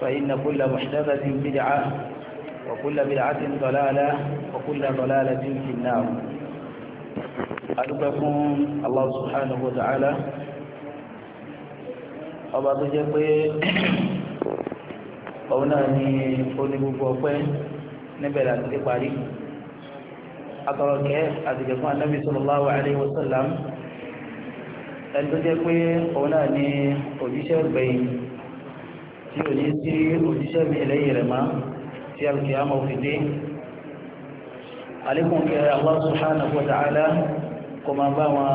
فإن كل محدثة بدعة وكل بدعة ضلالة وكل ضلالة في النار أدبكم الله سبحانه وتعالى ọba tó jẹ́ pé òun náà ni oní gbogbo ọpẹ́ níbẹ̀ láti lè parí akọrọkẹ àtìgbẹ fún anábì sallallahu alaihi wasallam ẹni tó jẹ́ pé òun náà ni òjíṣẹ́ gbẹ̀yìn tí ò ní sí òjíṣẹ́ mi lẹ́yìn rẹ̀ máa tí a kìí àmọ́ fi dé alékùn kí Allah subhanahu wa ta'ala kò máa bá wọn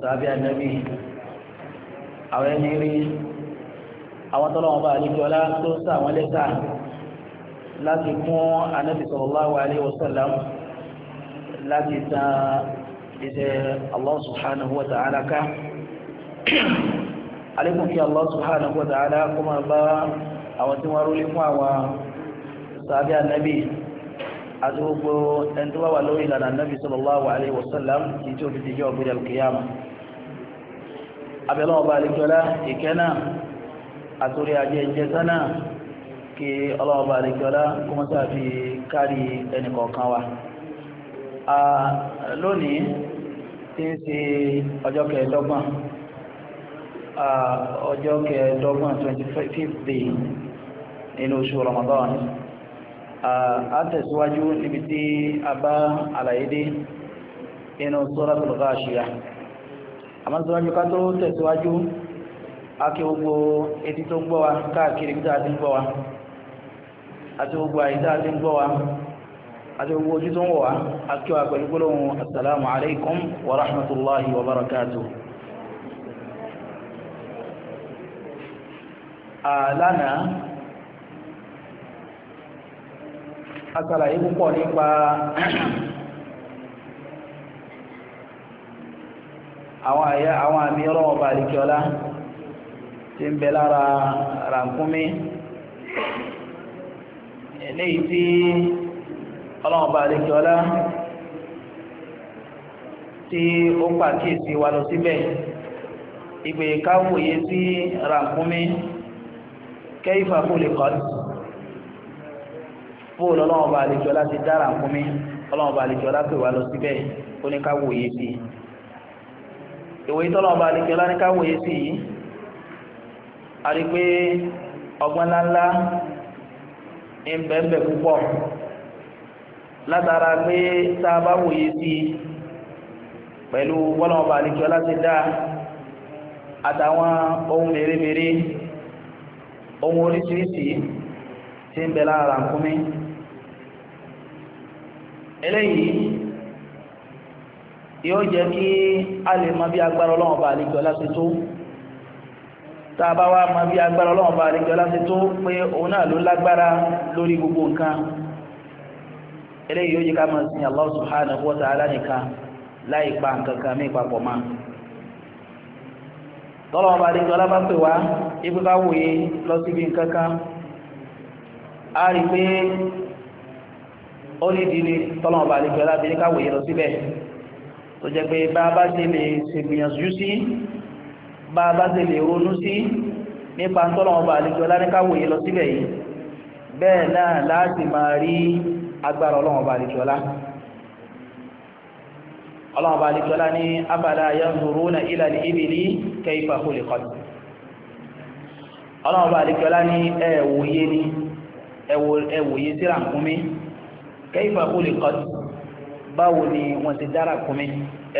sàbí ànábì àwọn ẹni rí àwọn tọ́lọ́wọ́n bá àlejò ọlá tó sá àwọn lẹ́sà láti fún ànábì sallallahu alaihi wasallam láti ta iṣẹ́ Allah subhanahu wa ta'ala ká alẹ́kùn kí Allah subhanahu wa ta'ala kó máa bá àwọn tí wọ́n rólé fún àwọn sàbí ànábì àti gbogbo ẹni tó bá wà lórí ìlànà ànábì sallallahu alaihi wa sallam kì í tí ó fi dìjọ́ ọ̀gbẹ́dẹ̀ alkiyama abẹ́lẹ́ ọba àlejòlá ìkẹ́nà àtòrí ajé ìjẹsánà kí ọlọ́ọba àlejòlá kó mọ́ sáàfi kárí ẹnìkọ̀ọ̀kan wa lónìí tí ń ṣe ọjọ́ kẹẹ̀ẹ́dọ́gbọ̀n ọjọ́ kẹẹ̀ẹ́dọ́gbọ̀n 25th day nínú oṣù Ramadan a tẹ̀síwájú níbi tí a bá àlàyédé inú Suratul a àmọ́ síwájú ká tó tẹ̀síwájú a kí etí tó gbọ́ wa káàkiri bí dáadé gbọ́ wa àti gbọ́ wa àti ojú tó ń wọ̀ wa a assalamu wa rahmatullahi wa lánàá asàlàyé púpọ̀ nípa àwọn àyà àwọn àmì ọlọ́wọ́ balikiola tí ń bẹ lára ràkúnmí eléyìí tí ọlọ́wọ́ balikiola tí ó pàkíyèsí wa lọ síbẹ̀ ìgbèkáwòye sí Si kẹ́yìfà fún lè kọ́ fóòlù ọlọ́wọ́n bá àlejò láti dára fún mi ọlọ́wọ́n bá àlejò láti wà lọ síbẹ̀ ó ní ká wòye sí i ìwé tọ́lọ́wọ́n bá àlejò láti ká wòye sí i a rí pé ọgbọ́n ńláńlá ń bẹ́ẹ̀ púpọ̀ látara pé tá a bá wòye sí i pẹ̀lú bọ́lọ́wọ́n bá àlejò láti dá àtàwọn ohun mèremère ohun oríṣiríṣi tí ń bẹ lára ràkúnmí eléyìí yóò jẹ́ kí a lè mọ bí agbára ọlọ́run bá àlejò láti tó tá a bá wá mọ bí agbára ọlọ́run bá àlejò láti tó pé òun náà ló lágbára lórí gbogbo nǹkan eléyìí yóò jẹ́ ká máa sin Allah subhanahu wa ta'ala nìkan láì pa nǹkan kan mí papọ̀ máa tọ́lọ́ ọba àdéjọ́ ọlá bá pè wá ibi ká wòye lọ síbi nǹkan kan a rí pé ó ní ìdílé tọ́lọ́ ọba àdéjọ́ ọlá bíi ká wòye lọ síbẹ̀ tó jẹ́ pé bá a bá ṣe lè ṣègbìyànjú sí bá a bá ṣe lè ronú sí nípa tọ́lọ́ ọba àdéjọ́ ọlá ní ká wòye lọ síbẹ̀ yìí bẹ́ẹ̀ náà láti máa rí agbára ọlọ́run ọba àdéjọ́ ọlá ọlọ́run bá lè tọ́lá ní abala yanzuruna ila al-ibili kayfa khuliqat ọlọ́run bá lè tọ́lá ní ẹ̀wòye ní ẹ̀wòye sí ràkúnmí kayfa khuliqat báwo ni wọ́n ti dá ràkúnmí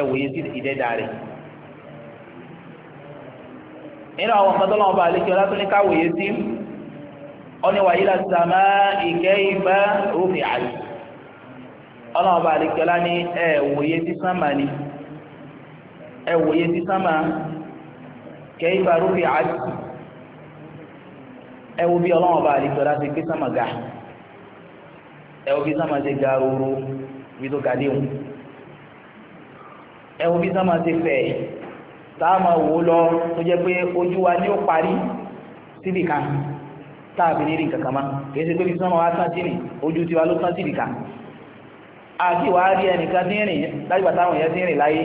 ẹ̀wòye sí ìdẹ́dà rẹ̀ nínú àwọn kan tọ́lọ́run bá lè tọ́lá tó ní káwòye sí wa ila as kayfa rufi'at ọlọ́run bá àdékẹ́lá ní ẹ wòye sí sánmà ni ẹ wòye sí sánmà kẹ́yìn bá rúfin àti ẹ wo bí ọlọ́run bá àdékẹ́lá ti gbé sánmà ga ẹ wo bí sánmà ti ga roro bí tó ga déhùn ẹ bí sánmà ti fẹ̀ táàmà wò lọ tó jẹ́ pé ojú wa ni ó parí síbì kan táàbì ní rí nǹkan kan mọ́ ṣe pé bí sánmà wa tán sí ojú tiwa ló tán síbì àti ìwà rí ẹnìkan tí ń rìn lájúbà táwọn èèyàn ti ń rìn láyé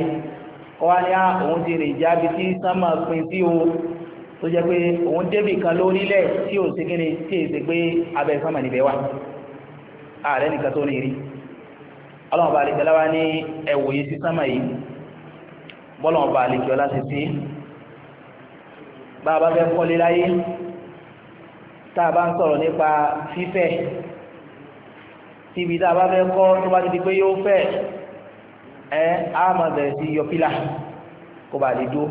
ọwá ní àwọn ti rìn jábi tí sánmà pin sí o tó jẹ́ pé òun débì kan lórílẹ̀ tí ò sí kíni tí èsì pé abẹ́ sánmà níbẹ̀ wà ààrẹ nìkan tó ní rí ọlọ́run bá àlejò ọlá ní ẹ̀wò yìí sí sánmà yìí bọ́lọ́run bá àlejò ọlá sì sí bá a bá fẹ́ kọ́lé láyé tá a bá ń sọ̀rọ̀ nípa fífẹ́ tíbi tá a bá fẹ́ kọ́ tó bá ti di pé yóò fẹ́ ẹ á máa bẹ̀rẹ̀ sí yọ pílà kó bá lè dúró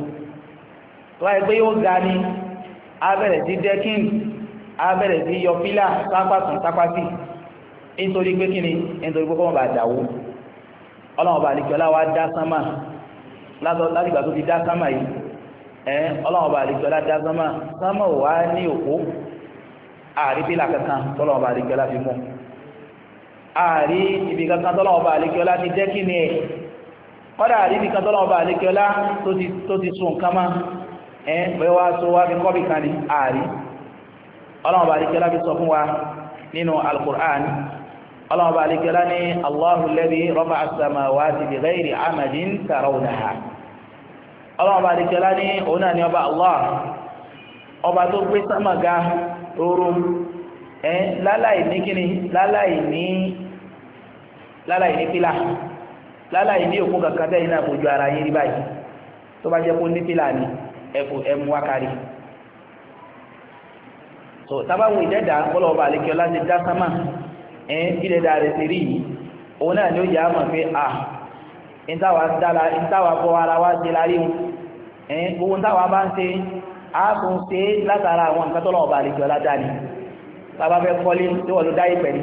tó bá yẹ pé yóò ga ni á bẹ̀rẹ̀ sí dẹ́kìn á bẹ̀rẹ̀ sí yọ pílà sápàtún sápàtì nítorí pé kí ni nítorí pé kọ́ wọn bá dàwó ọlọ́run bá àlejò ọlá wa dá sánmà láti ìgbà tó ti dá sánmà yìí ẹ ọlọ́run bá àlejò ọlá dá sánmà sánmà ò wá ní òkú àrí kankan tọ́lọ́run bá àlejò ọlá fi mú un àrí ibi kankan tọ́lọ̀ ọba àlékiọlá ti jẹ́ kí ni ẹ̀ kọ́dà àrí ibi kankan tọ́lọ̀ ọba àlékiọlá tó ti sùn kama ẹ bẹ́ẹ̀ wá so wá fi kọ́bì kan ní àrí ọlọ́ọba àlékiọlá fi sọ fún wa nínú alukur'an ọlọ́ọba àlékiọlá ní Allahu alladhi rafa láláì ní pílà láláì ní òkú kankan tẹ́yìn náà fojú ara yín rí báyìí tó bá jẹ́ kó ní pílà ni ẹ̀fù ẹ̀mú wákàrí so tábàwọn ìdẹ́dà ọlọ́ọ̀bà àlekíọ́ láti dá sámà ẹ̀ ìdẹ́dà rẹ̀ ti rí yìí òun náà ni ó yà á mọ̀ pé à ìtawà dára ìtawà bọ́ ara wa ti lárí wọn ẹ̀ gbogbo ìtawà bá ń ṣe àákùn ṣe látara àwọn nǹkan tọ́lọ́ọ̀bà àlekíọ́ ládàá ni bàbá fẹ́ kọ́lé tí wọ́n ló dá ìpẹ̀lú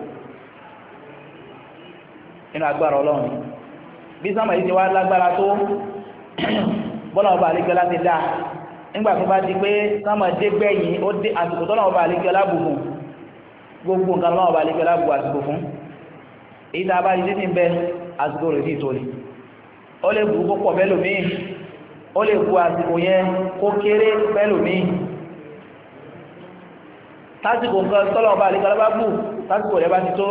nínú agbára ọlọ́run bí sánmà yìí ti wá lágbára tó bọ́lá ọba ti dáa nígbà tó bá di pé sánmà dé gbẹ̀yìn ó dé àsìkò tọ́lá ọba gbogbo nǹkan lọ́wọ́ ọba àlejòlá bù àsìkò fún èyí tá a bá di títí ń bẹ àsìkò rẹ̀ sí ó lè ó lè bu àsìkò yẹn kó kéré fẹ́lòmíì tásìkò nǹkan tọ́lá ọba tásìkò rẹ̀ bá ti tó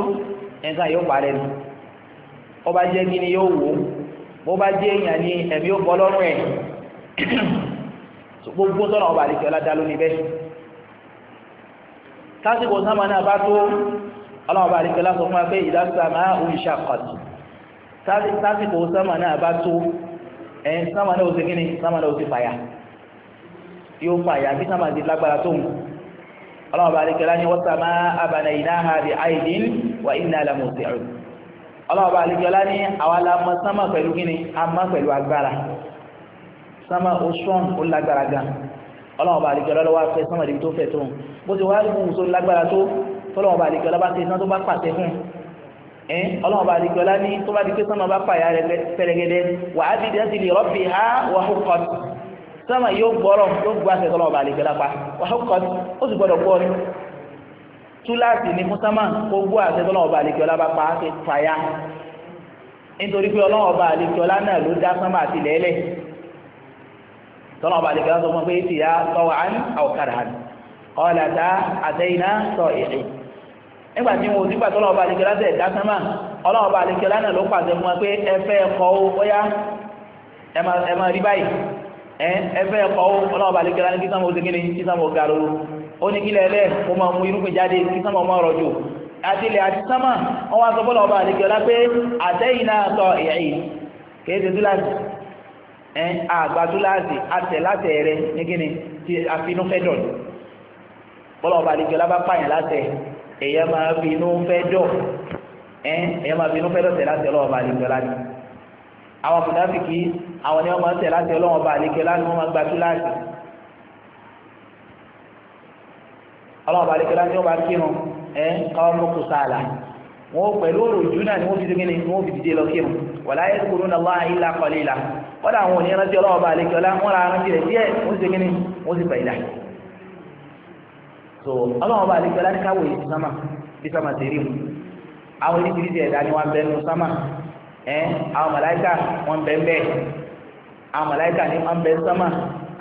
ọba jẹ́ gíní yóò wò ó bó bá jẹ́ èèyàn ní ẹ̀mí ó bọ́ lọ́rùn ẹ̀ gbogbo tọ́nà ọba àdìsí ọládá lónìí bẹ́ẹ̀ tásìkò sáma náà bá tó ọlọ́ọ̀bá àdìsí ọlá sọ fún wa pé ìdásá máa ń ṣàkọ̀tù tásìkò sáma náà bá tó ẹ̀yìn sáma náà ó ti gíní sáma náà ó ti fàyà yóò fàyà bí sáma ti lágbára tó ń ọlọ́ọ̀bá àdìsí ọlá ní wọ́n sá máa abànà ìnáhà bí àìdín wà ìnáhà lámùsẹ̀rù ọlọ́ọ̀bá àlejòlá ní àwa la mọ sánmà pẹ̀lú kíni a mọ pẹ̀lú agbára sánmà ó strong ó lágbára gan ọlọ́ọ̀bá àlejòlá lọ́wọ́ afẹ́ sánmà débi tó fẹ̀ tó bó ti wá rí fún òṣòro lágbára tó tọ́lọ́ọ̀bá àlejòlá bá ti iná tó bá pàṣẹ fún ẹ́n ọlọ́ọ̀bá àlejòlá ní tó bá di pé sánmà bá pàyà rẹ̀ pẹ̀lẹ́gẹ́dẹ́ wà á dìde sí lè rọ́bì ha wà ó kọ́ sánmà yóò gbọ́rọ̀ yóò gbọ́ túláàsì ní mùsàmá gbogbo àtẹ́tọ́lọ́ ọba àlekíọ́lá bá pa á ti fàyà nítorí pé ọlọ́wọ́ ọba àlekíọ́lá náà ló dá sánmà àti lẹ́lẹ̀ tọ́lọ́ ọba àlekíọ́lá sọ fún pé ti yá tọ́wọ́ án àwòkàrà hàn ọ̀làdá àtẹ́yìnà sọ èdè nígbà tí wọn ò nígbà tọ́lọ́ ọba àlekíọ́lá tẹ̀ dá sánmà ọlọ́wọ́ ọba àlekíọ́lá náà ló pàṣẹ fún wa pé ẹ fẹ́ kọ́ ó bóyá ẹ ó ní kílẹ̀ ẹlẹ́ ó máa mú irúgbìn jáde kí sánmà máa rọ̀jò àti ilẹ̀ àti sánmà wọ́n wá sọ bọ́lá ọba àlejò ọlá pé àtẹ́yìn náà sọ ìyàyè kéde túláàsì ẹ̀ àgbà túláàsì àtẹ̀ látẹ̀ rẹ ní kíni ti àfinú fẹ́ dọ̀ bọ́lá ọba àlejò ọlá bá pààyàn látẹ̀ èyẹ máa finú fẹ́ dọ̀ ẹ̀ èyẹ máa finú fẹ́ dọ̀ tẹ̀ látẹ̀ ọlọ́ọ̀ba ni àwọn mùnàfìkì àwọn ni wọ́n máa ń tẹ̀ látẹ̀ ni wọ́n máa ọlọ́run bá lékelá ní ọba kírun ẹ káwọn mú sáàlà wọn ò pẹ̀lú náà ni wọ́n fi dé kíni wọ́n fi dìde lọ kírun wàlá yẹ kúrú náà wá ilà kọlí ilà wọ́n dà wọn ò ní rántí wọ́n ra rẹ̀ díẹ̀ wọ́n ti wọ́n ti so káwọ̀ ti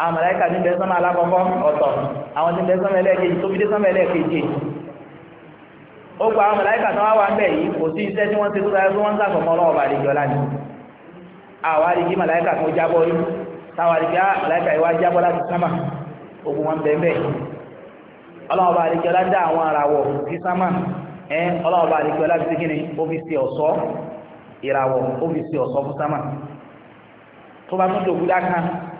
àwọn màláíkà ní bẹ sánmà alákọ̀ọ́kọ́ ọ̀tọ̀ àwọn tí ń bẹ sánmà ẹlẹ́ẹ̀kejì tó fi dé sánmà ẹlẹ́ẹ̀kejì ó gba àwọn màláíkà tó wá wà ń bẹ̀ yìí kò sí iṣẹ́ tí wọ́n ti tó dáa fún ń sàkọ̀mọ́ ọlọ́wọ́ bàdé jọlá ni àwọn àríkí màláíkà tó jábọ́ rí táwọn àríkí màláíkà yìí wá jábọ́ láti sánmà ogun wọn bẹ̀ bẹ̀ ọlọ́wọ́ bàdé jọlá dá àwọn àràwọ̀ sí sánmà ẹ ọlọ́wọ́ bàdé jọlá fi kíni ó fi ṣe ọ̀ṣọ́ ìràwọ̀ ó tó dògúdá kan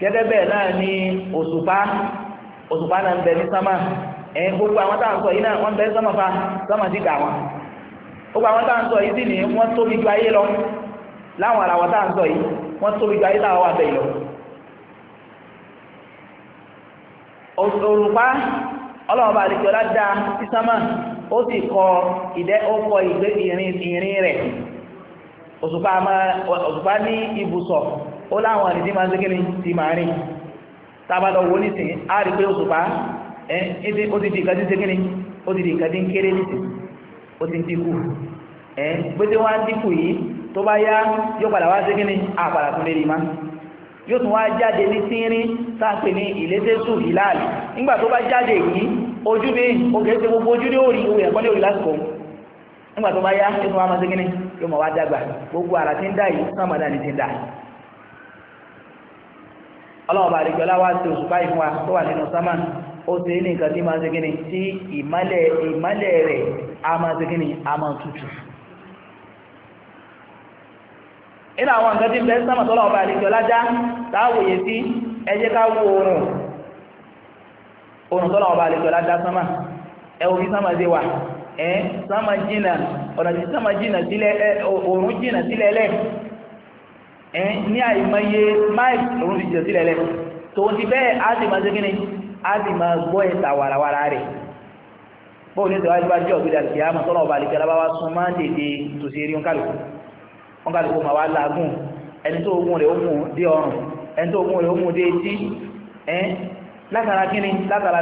gẹ́gẹ́ bẹ́ẹ̀ náà ni òṣùpá òṣùpá náà ń bẹ ní sámà gbogbo àwọn táwọn sọ yìí náà wọ́n bẹ sámà fa sámà sí gà wọn gbogbo àwọn táwọn sọ yìí sì ní wọ́n tóbi lọ láwọn àràwọ̀ táwọn sọ yìí wọ́n tóbi ju ayé táwọn wà bẹ́ẹ̀ lọ. òṣùpá bá àdìsí ọlá da sí sámà ó sì kọ ìdẹ́ ó kọ ó láwọn àdìdí máa ń sékè ti máa rìn tábà lọ wo nísìnyí á rí pé òṣùpá ó ti di nǹkan tí sékè ó ti di nǹkan tí ń kéré ó ti ń dínkù ẹ pété wá ń dínkù yìí tó bá yá yóò padà wá sékè ní àpàdà tó lè máa yóò tún wá jáde ní tínrín sáàpè ní ìlàlì nígbà tó bá jáde yìí ojú ọlọ́wọ́ bá wá sí oṣù báyìí wa tó wà nínú sámà ó ti ní nǹkan tí máa ń segin ni tí ìmálẹ̀ ìmálẹ̀ rẹ̀ a máa segin ni a máa tutù. inú àwọn nǹkan tí ń bẹ sámà tó lọ́wọ́ bá àdìgbọ́lá já táwòye sí ẹ jẹ́ ká wo oòrùn oòrùn tó lọ́wọ́ bá àdìgbọ́lá já sámà ẹ wo bí sámà ṣe wà ẹ sámà jìnnà ọ̀nà tí sámà jìnnà sílẹ̀ ẹ oòrùn jìnnà sílẹ̀ lẹ́ẹ̀ ní àìmọye mike òun ti jẹ̀ sílẹ̀ lẹ̀ tòun ti bẹ́ẹ̀ á sì máa ṣe kíni á sì máa gbọ́ ẹ̀ta wàràwàrà rẹ̀ bóun ní ìtẹ̀wájú bá jẹ́ ọ̀gbẹ́dà kìí àmọ́ tọ́lọ̀ ọba àlìkẹ́ alábáwá sún máa ń dèdè tòṣe rí ọ̀nkálùkù ọ̀nkálùkù máa wá láàgùn ẹni tó ogun rẹ̀ ó mú dé ọrùn ẹni tó ogun rẹ̀ ó mú dé etí ẹ́n látara kíni látara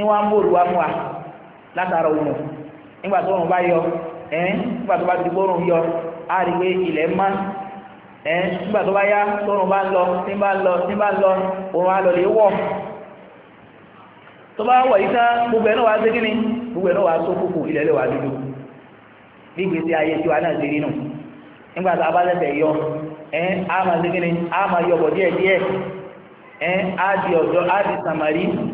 ìwọ̀n amóòlù wa mú wa látara òun nígbà tó òun bá yọ ẹ́ nígbà tó bá ti gbórùn yọ á rí pé ilẹ̀ má ẹ́ nígbà tó bá yá tó òun bá lọ tí bá lọ tí bá lọ òun á lọ lè wọ̀ tó bá wọ̀ yìí tán gbogbo ẹ̀ náà ni gbogbo ẹ̀ náà ilẹ̀ lè dúdú bí gbèsè tiwa náà nù nígbà a bá lẹ́sẹ̀ yọ á máa ni á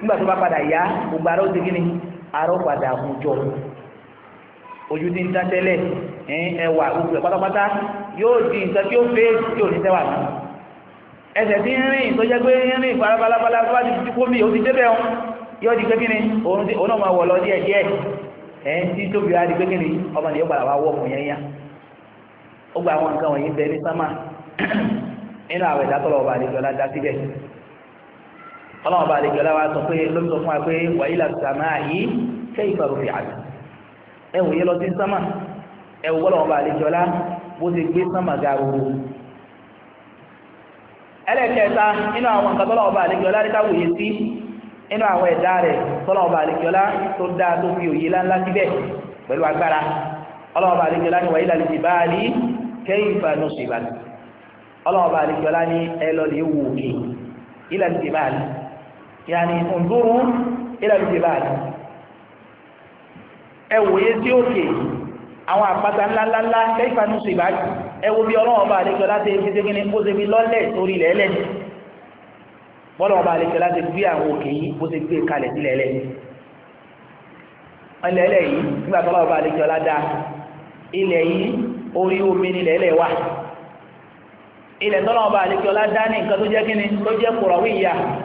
nígbà tó bá padà yá gbogbo ara ó ti kíni ara ó padà mú jọ ojú ti ń tán tẹ́lẹ̀ ẹwà gbogbo ẹ̀ pátápátá yóò di nǹkan tí ó fẹ́ tí ò ní tẹ́wà náà ẹsẹ̀ tí ń rìn tó jẹ́ pé ń rìn farabalabala tó bá ti dúkó mi ó ti débẹ̀ ọ́n yóò di pé kíni òun náà máa wọ̀ lọ díẹ̀ díẹ̀ ẹ̀ ń tí tóbi á di pé kíni ọmọ nìyẹn padà wá wọ̀ fún yẹn yá ó gba àwọn nǹkan wọ̀nyí bẹ ní sámà nínú àwẹ̀ ìdátọ́lọ̀ ọba àdéjọ́lá dá síbẹ̀ ọlọ́run bá lè jọlá wa sọ pé lómi sọ fún wa pé wàyí la sàmà yìí ṣé ìfàrò fi àdá ẹ wòye lọ sí sámà ẹ wò ọlọ́run bá lè jọlá bó ti gbé sámà ga ruru ẹlẹ́kẹta nínú àwọn nǹkan tọ́lọ́run bá lè jọlá ní káwòye sí nínú àwọn ẹ̀dá rẹ̀ tọ́lọ́run bá lè jọlá tó dáa tó fi òye láńlá síbẹ̀ pẹ̀lú agbára ọlọ́run bá lè jọlá ní wàyí ilẹ̀ ti bá a ní yàní ǹdúrú ìlàlùjìbáà ẹwòye tí ó kè àwọn àpáta ńláńláńlá kẹfà ní ṣe ìbájú ẹwò bí ọlọ́wọ́ bá àlejò láti fi ṣe gíní ó bi fi lọ́lẹ̀ sórí ilẹ̀ẹ́lẹ̀ bọ́lọ́wọ́ bá àlejò láti gbé àwọn òkè yìí ó ṣe gbé kalẹ̀ sí ilẹ̀ẹ́lẹ̀ ilẹ̀ẹ́lẹ̀ yìí nígbà tọ́lọ́wọ́ bá àlejò ládá ilẹ̀ yìí orí omi ní ilẹ̀ẹ́lẹ̀ wà ilẹ̀ tọ́lọ́wọ́ bá àlejò da ní nǹkan tó jẹ́ gíní tó jẹ́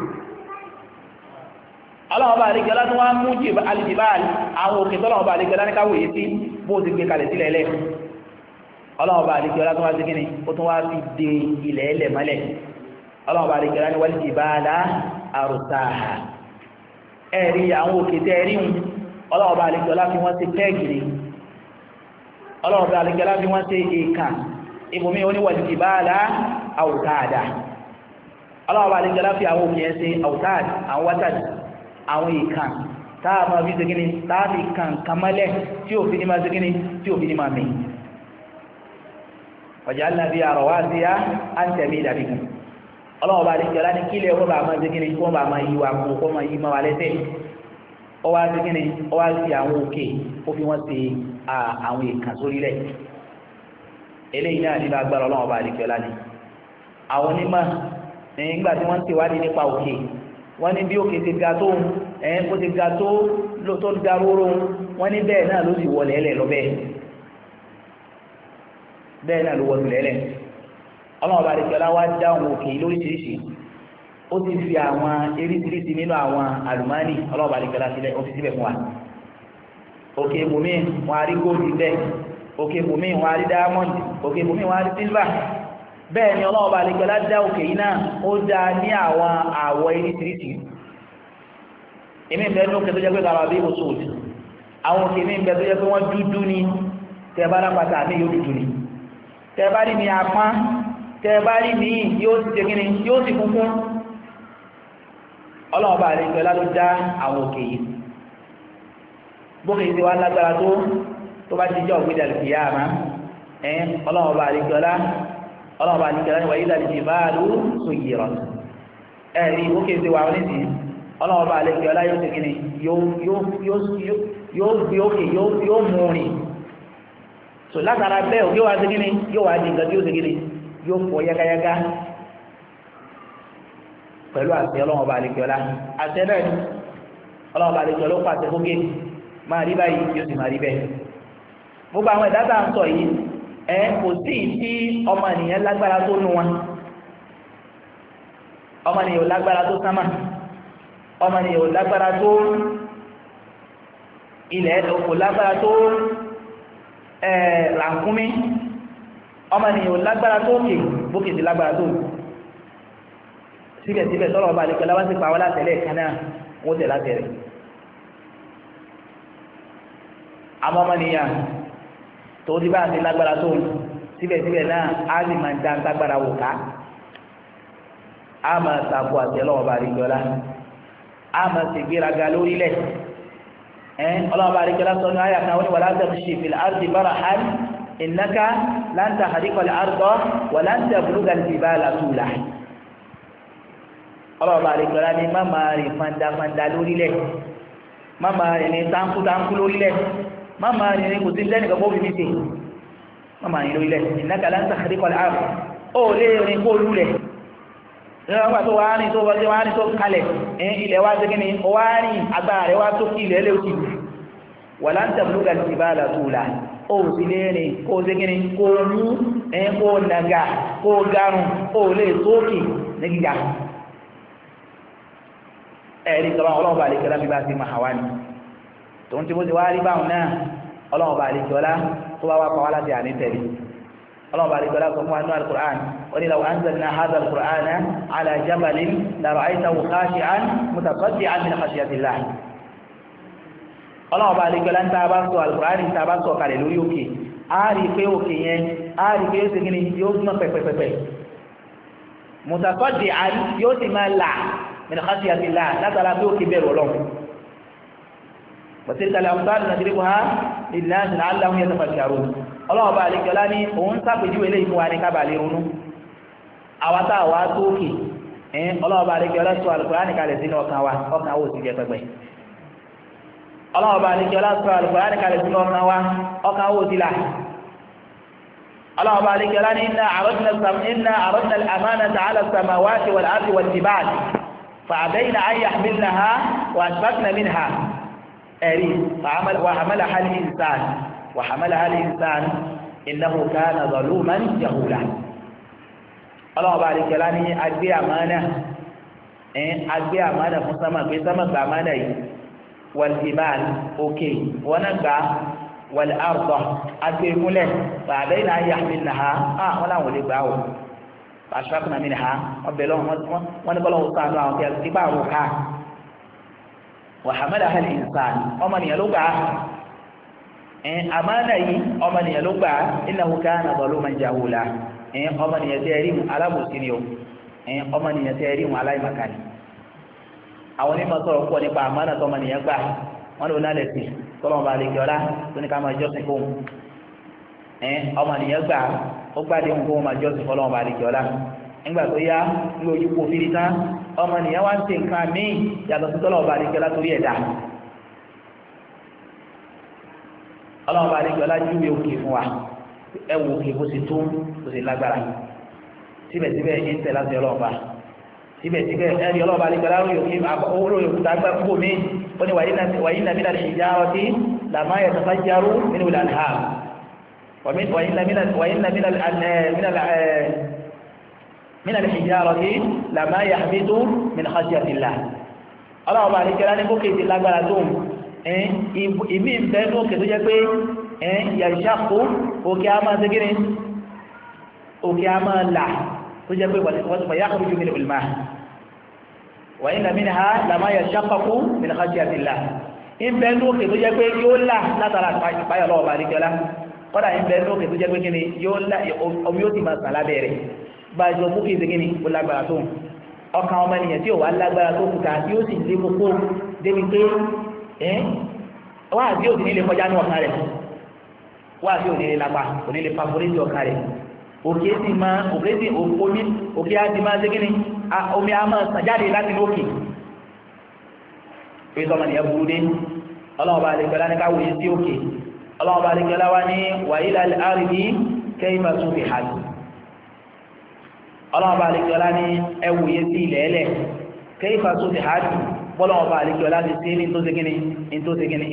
ọlọ́wọ́ bá àríkẹ́ látún wá mú alìjìbáàlì àwọn òkè tọ́lọ́wọ́ bá àríkẹ́ láníkàwò yìí tí bó ti gbé kalẹ̀ sílẹ̀ lẹ́ ọlọ́wọ́ bá àríkẹ́ látún wá sí kíni ó tún wá fi de ilẹ̀ ẹlẹ̀ mọ́lẹ̀ ọlọ́wọ́ bá àríkẹ́ láni wálé jìbáàlà àrùtàhà ẹ̀rí àwọn òkè tẹ́ ẹ̀rí ń ọlọ́wọ́ bá àríkẹ́ láti wọ́n ti pẹ́ẹ̀gì ọlọ́wọ́ bá àríkẹ́ láti wọ́n ti èèkà ibùmí oníwàlì jìbáàlà àwùtáàdà ọlọ́wọ́ bá àríkẹ́ láti àwọn ìkàn táà máa bí ṣegíní táàbí kàn kàmálẹ̀ tí ò fi ní máa ṣegíní tí ò fi ní máa mì ọjà alábi àrọ̀wá sí á á ń tẹ̀mí ìdàbí kan ọlọ́wọ́ bá dìjọ́ láti kílẹ̀ wọ́n bá máa ṣegíní kí wọ́n bá máa yíwa kó kó máa yí máa wà lẹ́sẹ̀ ó wá ṣegíní ó wá sí àwọn òkè ó fi wọ́n ṣe àwọn ìkàn sórí lẹ̀ eléyìí náà nínú agbára ọlọ́wọ́ bá dìjọ́ láti àwọn onímọ̀ nígbà tí wọ́n ń ṣèwádìí nípa òkè wọ́n ní bí òkè ti ga tó ẹ̀yìn kó ti ga tó tó ga róró wọ́n ní bẹ́ẹ̀ náà ló sì wọlé ẹlẹ̀ lọ bẹ́ẹ̀ bẹ́ẹ̀ náà ló wọlé ẹlẹ̀ ọlọ́run bá dìkẹ́ láwá dáhùn òkè lóríṣiríṣi ó ti fi àwọn eríṣiríṣi nínú àwọn àlùmánì ọlọ́run bá dìkẹ́ láti ó fi síbẹ̀ fún wa òkè bùnmí wọn á rí góòlù bẹ́ẹ̀ òkè bùnmí wọn á rí dáámọ́ǹdì òkè bùnmí wọn á rí sílvà bẹ́ẹ̀ ni ọlọ́ọ̀bá àlejọ́lá dá òkè yìí náà ó dá ní àwọn àwọ̀ eríṣiríṣi èmi ní òkè tó jẹ́ pé kàrọ̀ àbí oṣù òdì àwọn òkè mi tó jẹ́ pé wọ́n dúdú ni tẹ́ bá lápàtà àmì yóò dúdú ni tẹ́ bá rí mi apá tẹ́ bá mi yóò sì ṣe kíni yóò sì kúnkún ọlọ́ọ̀bá dá àwọn òkè yìí bókè lágbára tó tó bá ti jẹ́ ẹ̀ ọlọ́ọ̀bá àdìkẹ́lá ni wàyí lálẹ́ jìbáàlú tó yìrọ̀ ẹ̀rí òkè ti wà ní ọlọ́ọ̀bá àdìkẹ́lá yóò tẹ̀kí ni yóò gbé òkè yóò mú rìn so látara bẹ́ẹ̀ òkè wá tẹ̀kí ni yóò wá di nǹkan tí ó tẹ̀kí ni yóò fọ yágáyágá pẹ̀lú àṣẹ ọlọ́ọ̀bá àdìkẹ́lá àṣẹ náà ọlọ́ọ̀bá àdìkẹ́lá ó pàṣẹ fókè máa rí báyìí yóò sì máa rí bẹ́ẹ̀ gbogbo àwọn ìdá ẹ kò sí ìdí ọmọ ènìyàn lágbára tó nu wọn ọmọ ènìyàn ò lágbára tó sámà ọmọ ènìyàn ò lágbára tó ilẹ̀ kò lágbára tó ràkúnmí ọmọ ènìyàn ò lágbára tó òkè bókè sí lágbára tó síbẹ̀síbẹ̀ sọ̀rọ̀ ọba àlekẹ́ lábá sí pàwọ́ látẹ̀lẹ̀ kan náà wọ́n tẹ̀ látẹ̀lẹ̀ àmọ́ ọmọ ènìyàn tòun ti bá àti lágbára tó síbẹ̀síbẹ̀ náà á sì máa dá gbàgbára wò ká á máa sàkó àtẹlọ́wọ́ bá àdìjọ́lá á máa sì gbéraga lórílẹ̀ ẹ̀ ọlọ́wọ́ bá àdìjọ́lá sọ ní ayé àkànná wọ́n ti wà láti ṣe ìfìlẹ̀ àti bára hàn ìnáka láǹtà àdìkọ̀ àrùtọ̀ wà láǹtà bùrúgà ti bá làtúlà ọlọ́wọ́ bá àdìjọ́lá ni má máa rìn fandafanda lórílẹ̀ má máa rìn ní táǹkù lórílẹ̀ má máa rìnrìn kò sí lẹ́nìkan bó bíbí tè má máa rìn lórílẹ̀ ìnáka láńtà àdékọ̀lẹ̀ ààbò ó lè rìn kó lulẹ̀ nígbà tó wá rìn tó wá rìn wá rìn tó kalẹ̀ ilẹ̀ wá sí kíni ó wá rìn agbára rẹ̀ wá tó kí ilẹ̀ lè kì wà láńtà búlúgà ti bá la bí bá ti máa wá ni tòun ti bó ti wá rí báwọn náà ọlọ́run bá àlejò ọlá tó bá wá pa wá láti àní tẹ̀lé ọlọ́run bá àlejò ọlá sọ fún wa nínú alukur'an ó ní law anzalna hadha alukur'an ala jabalin la ra'aytahu khashi'an mutaqaddi'an min khashyatillah ọlọ́run bá àlejò ọlá ń tá a bá sọ alukur'an ń tá a yẹn àárí pé yóò ṣe kíni yóò gbọ́n pẹ̀pẹ̀pẹ̀pẹ̀ mùtàkọ́dì àárí yóò sì máa là mìnàkásí àti là látara pé òkè bẹ̀rù ọlọ́run وتلك الأمثال نضربها للناس لعلهم يتفكرون ọlọ́wọ́ bá àlejò ọlá ní òun sàpèjúwe lè fún wa ní kábàlì ronú àwátá àwá tókè ẹ̀yìn ọlọ́wọ́ bá àlejò ọlá sọ àlùkòrá nìkalẹ̀ sínú ọkàn wa ọkàn wò sí jẹ pẹpẹ ọlọ́wọ́ bá àlejò ọlá sọ àlùkòrá ní iná àrọ́dínà àmánà tààlà sàmáwá ti wà láti wà tìbáàdì fàbẹ́yìn àyà mílíọ̀nà ha wà ẹ̀rí wàhámàlà hali ìsàn wàhámàlà hali ìsàn innahu kana zaluman jahula ọlọ́wọ́ bá rí kẹlá ní agbé àmánà ẹ̀ agbé àmánà fún sámà pé sámà gbà àmánà yìí wàlìbàn òkè wọn gbà wàlìárùtọ̀ agbé múlẹ̀ bàbá yìí náà yà mí nà ha á wọn làwọn ò lè gbà wò pàṣẹ àkùnà mi nà ha wọn lọ́wọ́ wọn ní bọ́lá wọn sànú àwọn kẹ wàhámẹ́lá hàn ìsàn ọmọnìyàn ló gbà á ẹ̀ àmánà yìí ọmọnìyàn ló gbà á innahu jahula ẹ̀ ọmọnìyàn tẹ́ rí mu o ẹ̀ ọmọnìyàn tẹ́ rí mu aláìmọ̀kànnì àwọn onímọ̀ sọ̀rọ̀ pọ̀ nípa àmánà tọmọnìyàn gbà wọn lò sí bá lè tó ní ká máa jọ́sìn gbà ó gbàdé kó máa jọ́sìn ọmọ nìyẹn wá ń ṣe nǹkan míì yàtọ̀ sí tọ́lọ̀ ọba àdìgbọ́lá torí ẹ̀dá ọlọ́run ọba àdìgbọ́lá júwe òkè fún wa ẹ wo òkè bó ṣe tó bó ṣe lágbára síbẹ̀síbẹ̀ ẹ̀ ń tẹ̀ láti ọlọ́ọ̀ba síbẹ̀síbẹ̀ ẹ̀rí ọlọ́ọ̀ba àdìgbọ́lá olóyè òkúta gbà púpọ̀ míì ó ní wàyí nàmínà ṣèjáwọ́tì làmá yẹ tọ́ta járó nínú ìlànà من الحجارة لما يحبط من خشية الله ọlọ́run bá ní kẹlá ní bókè ti lágbára tó ń ìmí ń bẹ́ẹ̀ lókè tó jẹ́ pé yàṣàkó òkè a máa ṣegírí òkè a máa là tó jẹ́ pé wọ́n yá kọjú mi lèmà wàyí nà mí ha làmá yàṣàkó mi nà kájí àti là ń bẹ́ẹ̀ lókè tó jẹ́ pé yóò là látara ìpáyọ̀ ọlọ́run bá ní kẹlá kọ́dà ń bẹ́ẹ̀ lókè tó jẹ́ pé kí ni yóò là omi yóò ti máa sàlábẹ̀rẹ̀ bàjọ mú kí ìsìnkí ni ó lágbára tó ọkàn ọmọ ènìyàn tí ò wá lágbára tó kùtà tí ó sì lé kókó débi pé wá àti òdì nílé kọjá ní ọkàn rẹ̀ wá àti òdì nílé lápá òdì nílé favorétì ọkàn rẹ̀ òkè sì máa òkè sì omi òkè á ti máa ṣe kí ni omi á máa sàn jáde láti lókè pé sọmọ nìyẹn burú dé ọlọ́wọ́ bá lè gbẹ́lá ní káwé sí òkè ọlọ́wọ́ bá lè gbẹ́lá wá ní wàhálà àrídì kẹ́yìn tún fi hàjù ọlọ́ọ̀bá àlejòọlá ní ẹwù yé sí ilẹ̀ ẹlẹ̀ kẹ́yìfà tó ti há jù bọ́lọ́ọ̀bá àlejòọlá ti sí ní tó ṣe kíni tó ṣe kíni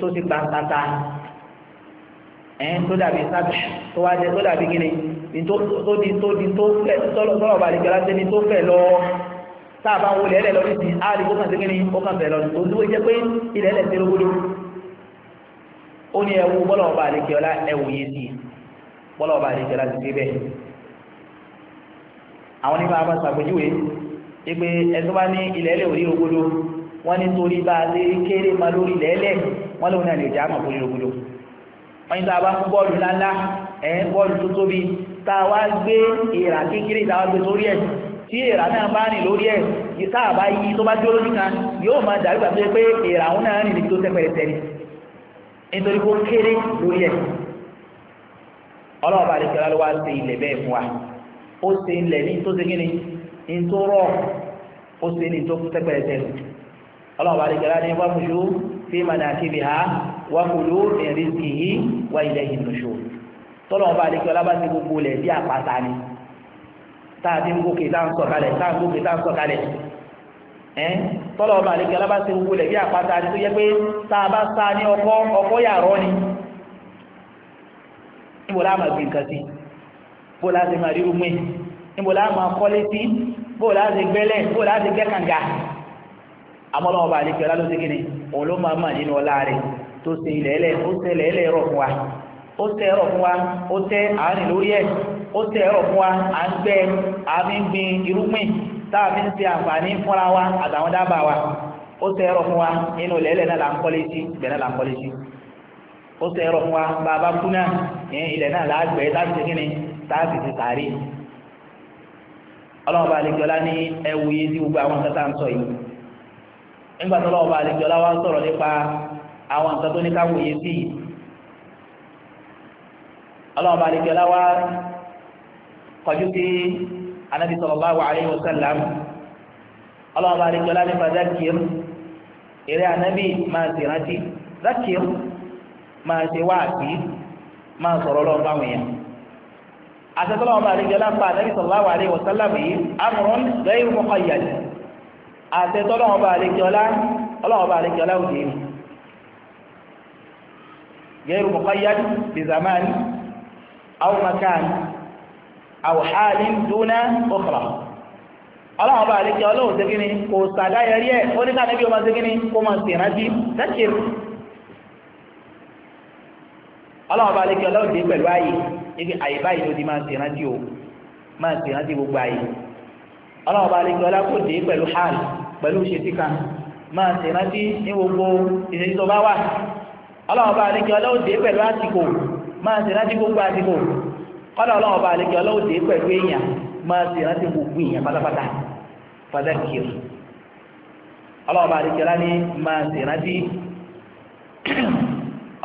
tó ṣe gbàǹtàǹtà ẹ̀ẹ́n tó dàbí sábì tó wá jẹ́ tó dàbí kíni tó di tó di tó fẹ́ tọ́lọ́ọ̀bá àlejòọlá ṣe ní tó fẹ́ lọ sáàbà wo ilẹ̀ ẹlẹ̀ lọ ní ti áàrí tó kàn sí kíni ó kàn fẹ́ lọ tó dúró jẹ́ pé ilẹ̀ ẹlẹ̀ ṣe lógódó ó ní ẹwù bọ́lọ́ọ̀bá ti ṣe bẹ́ẹ̀ àwọn nípa abáṣọ àpèjúwe pé ẹ̀tọ́ bá ní ilẹ̀ ẹlẹ́ òrí rogodo wọ́n ní torí bá a lè kéré ma lórí ilẹ̀ ẹlẹ́ wọ́n lóun náà lè já mọ̀ lórí rogodo wọ́n ní tá a bá mú bọ́ọ̀lù ńláńlá ẹ̀ bọ́ọ̀lù tó tóbi tá a wá gbé èèrà kékeré tá a wá gbé sórí ẹ̀ tí èèrà náà bá rìn lórí ẹ̀ tá a bá yí tó bá dúró lójú kan yóò máa dàrú gbàgbé pé èèrà òun náà rìn níbi tó tẹ́pẹ̀rẹ̀tẹ̀ ni nítorí kó kéré lórí ẹ̀ ọlọ́ọ̀bá lè kẹ́lá ló wá ṣe ilẹ̀ bẹ́ẹ̀ fún wa ó ṣe ilẹ̀ ní tó ṣe gíní ní tó rọ̀ ó ṣe ní tó tẹ́pẹ̀lẹ̀tẹ̀ ọlọ́ọ̀bá lè gẹ̀rá ní wáfúṣú fi mànà kíbi ha wákòló ẹ̀rí sí i wá ilẹ̀ ìnùṣù tọ́lọ́ọ̀bá lè gẹ̀rá bá ti gbogbo lẹ̀ bí àpáta ni táàbí gòkè tá à ń sọ̀kalẹ̀ tá à ń gòkè tá à ń sọ̀kalẹ̀ ẹ̀ tọ́lọ́ọ̀bá lè gẹ̀rá bá ti gbogbo lẹ̀ bí àpáta ni tó yẹ pé tá a bá sá ní ọkọ́ ọkọ́ yàrá ni níbo láàmà gbé sí i bó láti máa rí omi níbo láti máa kọ́lé sí bó láti gbẹ́lẹ̀ bó láti gbẹ́ kànga amọ́lọ́wọ́ bá lè fi ọlá ló ti kíni òun ló máa mà nínú ọlá rẹ̀ tó ṣe ilẹ̀ ẹlẹ̀ ó tẹ ilẹ̀ ẹlẹ̀ rọ̀ fún wa ó tẹ ẹrọ̀ fún wa ó tẹ àárín lórí ẹ̀ ó tẹ ẹrọ̀ fún wa à ń gbẹ àmì ń gbin irúgbìn tá a fi ń ṣe àǹfààní fúnra wa àtàwọn dábàá wa ó tẹ ẹrọ̀ fún wa nínú ilẹ̀ náà là ń kọ́lé sí ibẹ̀ náà là ń kọ́lé sí ó tẹ ẹrọ̀ fún wa bàbá kú náà ilẹ̀ náà là láti ṣe kíni táàbì ti sàárè ọlọ́ọ̀bá àlejòlá ní ẹwù yé sí gbogbo àwọn nǹkan tá à ń sọ yìí nígbà tó ọlọ́ọ̀bá àlejòlá wá sọ̀rọ̀ nípa àwọn nǹkan tó ní ká wòye sí ọlọ́ọ̀bá wá kọjú sí anabi sallallahu alayhi wa sallam ọlọ́ọ̀bá àlejòlá ní fadakir eré anabi máa sì rántí zakir máa ṣe wáàsí máa sọ̀rọ̀ àtẹ́tọ́lọ́ ọba àríjẹ́ lápá ànábì sallallahu alaihi wasallam yìí amrun ghayr muqayyad àtẹ́tọ́lọ́ ọba àríjẹ́ ọlá ọlọ́ọba àríjẹ́ ọlá òde ni ghayr muqayyad bi zaman aw makan aw halin duna ukhra ọlọ́ọba àríjẹ́ ọlá òde kí ni kò sàdáyẹrí ẹ̀ ó ní káàdébí ọmọ sí kí ni kó máa sì rántí dákìrì ọlọ́ọba àríjẹ́ ọlá òde pẹ̀lú ayé ibi àyè báyìí ló di máa ṣe rántí o máa ṣe rántí gbogbo àyè ọlọ́wọ́ bá lè pẹ̀lú hàn pẹ̀lú ṣètì máa ṣe rántí ní gbogbo ìṣẹ́jú tó bá wà ọlọ́wọ́ bá lè pẹ̀lú àsìkò máa ṣe rántí gbogbo pẹ̀lú èèyàn máa gbogbo èèyàn pátápátá máa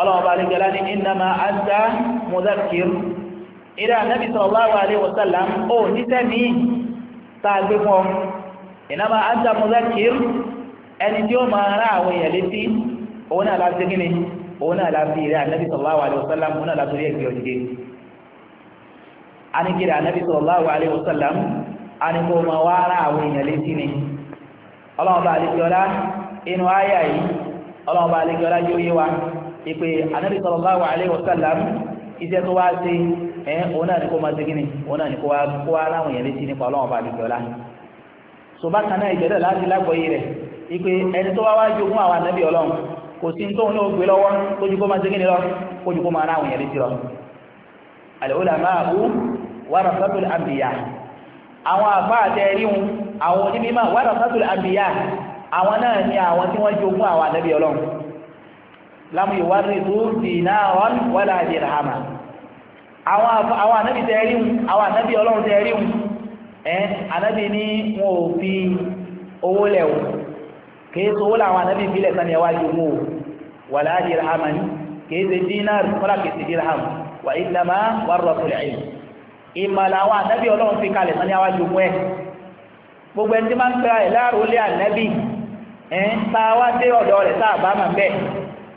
ọlọ́wọ́ bá lè gẹ́lá ní innama anta mudhakkir ìrẹ́ ànábì sallallahu alaihi wasallam ó níṣẹ́ ní tààgbé fún ọ innama anta mudhakkir ẹni tí ó máa rán àwọn èèyàn létí òun náà láti gíní òun náà láti ìrẹ́ ànábì sallallahu alaihi òun náà láti rí ẹ̀gbẹ́ òjìdé anigiri anabi sallallahu alaihi wasallam anigbo ma wá ara àwọn èèyàn létí ni ọlọ́wọ́ bá inú ìpè anábì sallallahu alaihi wasallam iṣẹ́ tó wá sí ẹ̀ òun náà ní kó máa ṣe kíni òun náà ní kó wá kó wá láwọn èèyàn létí nípa ọlọ́wọ́n bá àdìgbò ọ̀la so bákan náà láti lágbọ́yé rẹ̀ ìpè ẹni tó wá wá jogún àwọn anábì ọlọ́run kò sí tó ní ògbé lọ́wọ́ tójú kó máa ṣe kíni lọ kójú kó máa ráwọn èèyàn létí lọ al-ulama'u warasatul anbiya àwọn àbá lámú ìwárí tó dìnáàrán wọ́lá dirhama àwọn ànábì tẹ́rí un àwọn ànábì ọlọ́run tẹ́rí un ẹ́ ànábì ní wọn ò fi owó lẹ̀ o kìí sówó làwọn ànábì ìbílẹ̀ sani ẹwájú mú o wọ́lá dirhama ni kìí ṣe dínárì kọ́lá kìí ṣe dirham wà ìlàmà wà rọ̀tùlẹ̀ ẹ̀ ìmọ̀ làwọn ànábì ọlọ́run fi kalẹ̀ sani ẹwájú mú ẹ gbogbo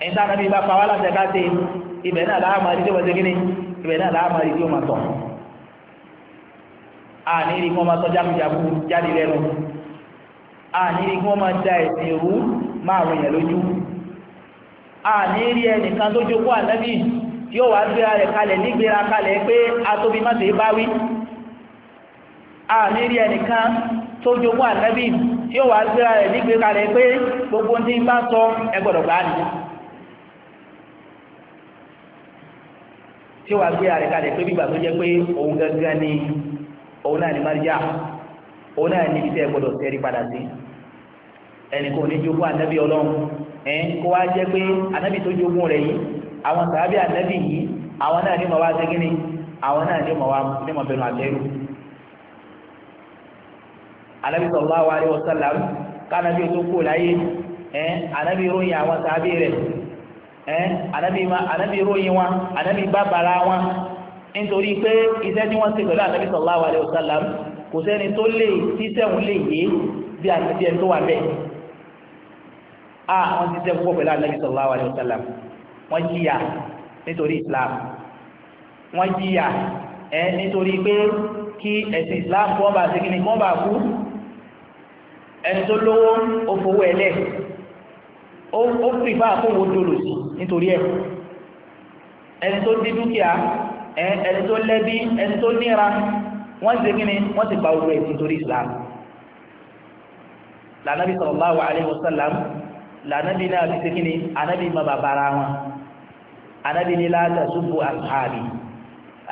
ẹni tá ànábì bá pa wá láti ẹ̀ká ṣe ibẹ̀ náà láàmà rí tí ó bá ṣe kíní ibẹ̀ náà láàmà rí tí ó máa tọ̀ a ní rí kí wọ́n máa tọ́ jákujàku jáde lẹ́nu a ní rí kí wọ́n máa da ẹ̀sìn ìrú máa rìn yẹn lójú a ní rí ẹnìkan tó jókòó ànábì yóò wá gbéra rẹ̀ kalẹ̀ nígbéra kalẹ̀ pé atóbi má ṣe bá a ní rí ẹnìkan tó jogún ànábì yóò wá gbéra rẹ̀ nígbéra kalẹ̀ pé gbogbo ní bá sọ ẹgbọ̀dọ̀ nìyí tí wàá gbé àrẹ kalẹ̀ pé bígbà tó jẹ́ pé òun gangan ni òun náà ni marija òun náà ni iṣẹ́ gbọ́dọ̀ tẹ́rí padà sí ẹnì kò ní jogún ànábì ọlọ́run ẹ kó wá jẹ́ pé ànábì tó jogún rẹ̀ yìí àwọn sàábì ànábì yìí àwọn náà ni mo wá segin ni àwọn náà ni mo wá ni mo bẹnu àtẹrù ànábì sallallahu alaihi wasallam kánábì tó kú láyé ẹ ànábì ròyìn àwọn sàábì rẹ̀ ẹ́ eh, ànábì ròyìn wọn ànábì bàbàrà wọn nítorí pé iṣẹ́ tí wọ́n ṣe pẹ̀lú ànábì sallallahu alaihi wasallam kò sẹ́ni tó lè tíṣẹ̀hún lè yé bí àti ẹni tó wà bẹ́ẹ̀ a wọ́n ti ṣe púpọ̀ pẹ̀lú ànábì sallallahu alaihi wasallam wọ́n jìyà nítorí Islam wọ́n jìyà ẹ́ eh, nítorí pé kí ẹ̀sìn Islam kọ́ bá ṣe kí kọ́ bá kú ẹni tó lówó ó ẹlẹ́ ó pìfà fún wo dolo sí nítorí ẹ̀ ẹni tó dí dúkìá ẹni tó lẹ́bí ẹni tó níra wọ́n ti gíní wọ́n ti gba ogun ẹ̀sìn torí Islam lànàbí sallallahu alaihi wasallam lànàbí náà ti ṣe gíní ànàbí má bàbára wọn ànàbí ní la tasubbu ashabi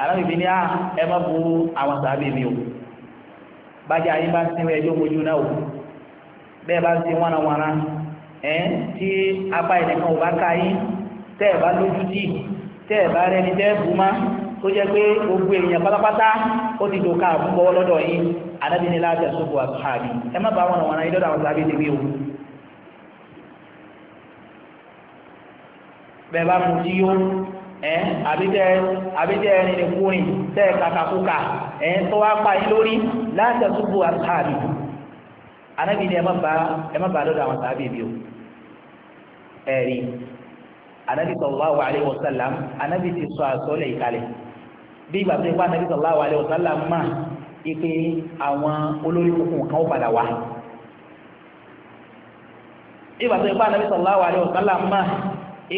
ànàbí bí ní ah, ẹ má bu àwọn sàábì mi o bájá yín bá ń sinmi ẹjọ́ mojú náà o bẹ́ẹ̀ bá ń sin wọ́nà ẹ̀ tí apá ẹnìkan ò bá ká yín tẹ́ ẹ̀ bá lójú tí tẹ́ ẹ̀ bá rẹni tẹ́ bù má tó jẹ́ pé gbogbo èèyàn pátápátá ó ti dòka àbúkọ́ lọ́dọ̀ yìí anábìnrin láti ẹ̀sùnkù àbí ẹ má bá wọn wọn ayé lọ́dọ̀ àwọn sábẹ́ ìdíwé o bẹ́ẹ̀ bá mu tí yó ẹ àbíjẹ àbíjẹ ẹni kúrin tẹ kàkàkùkà ẹ tó wá pa yín lórí láti ṣubú àtàbí anábìíní ẹ má bá lọ́dọ̀ àwọn tàbí ibi o ẹ̀rí anabi sallallahu alayhi wa sallam anabi ti sọ àsọlẹ̀ ìkàlẹ̀ bí ìgbà tó ń pa anabi sallallahu alayhi wa sallam mà ipe àwọn olórí kùkùn kan ó padà wá ìgbà tó ń pa anabi sallallahu alayhi wa sallam mà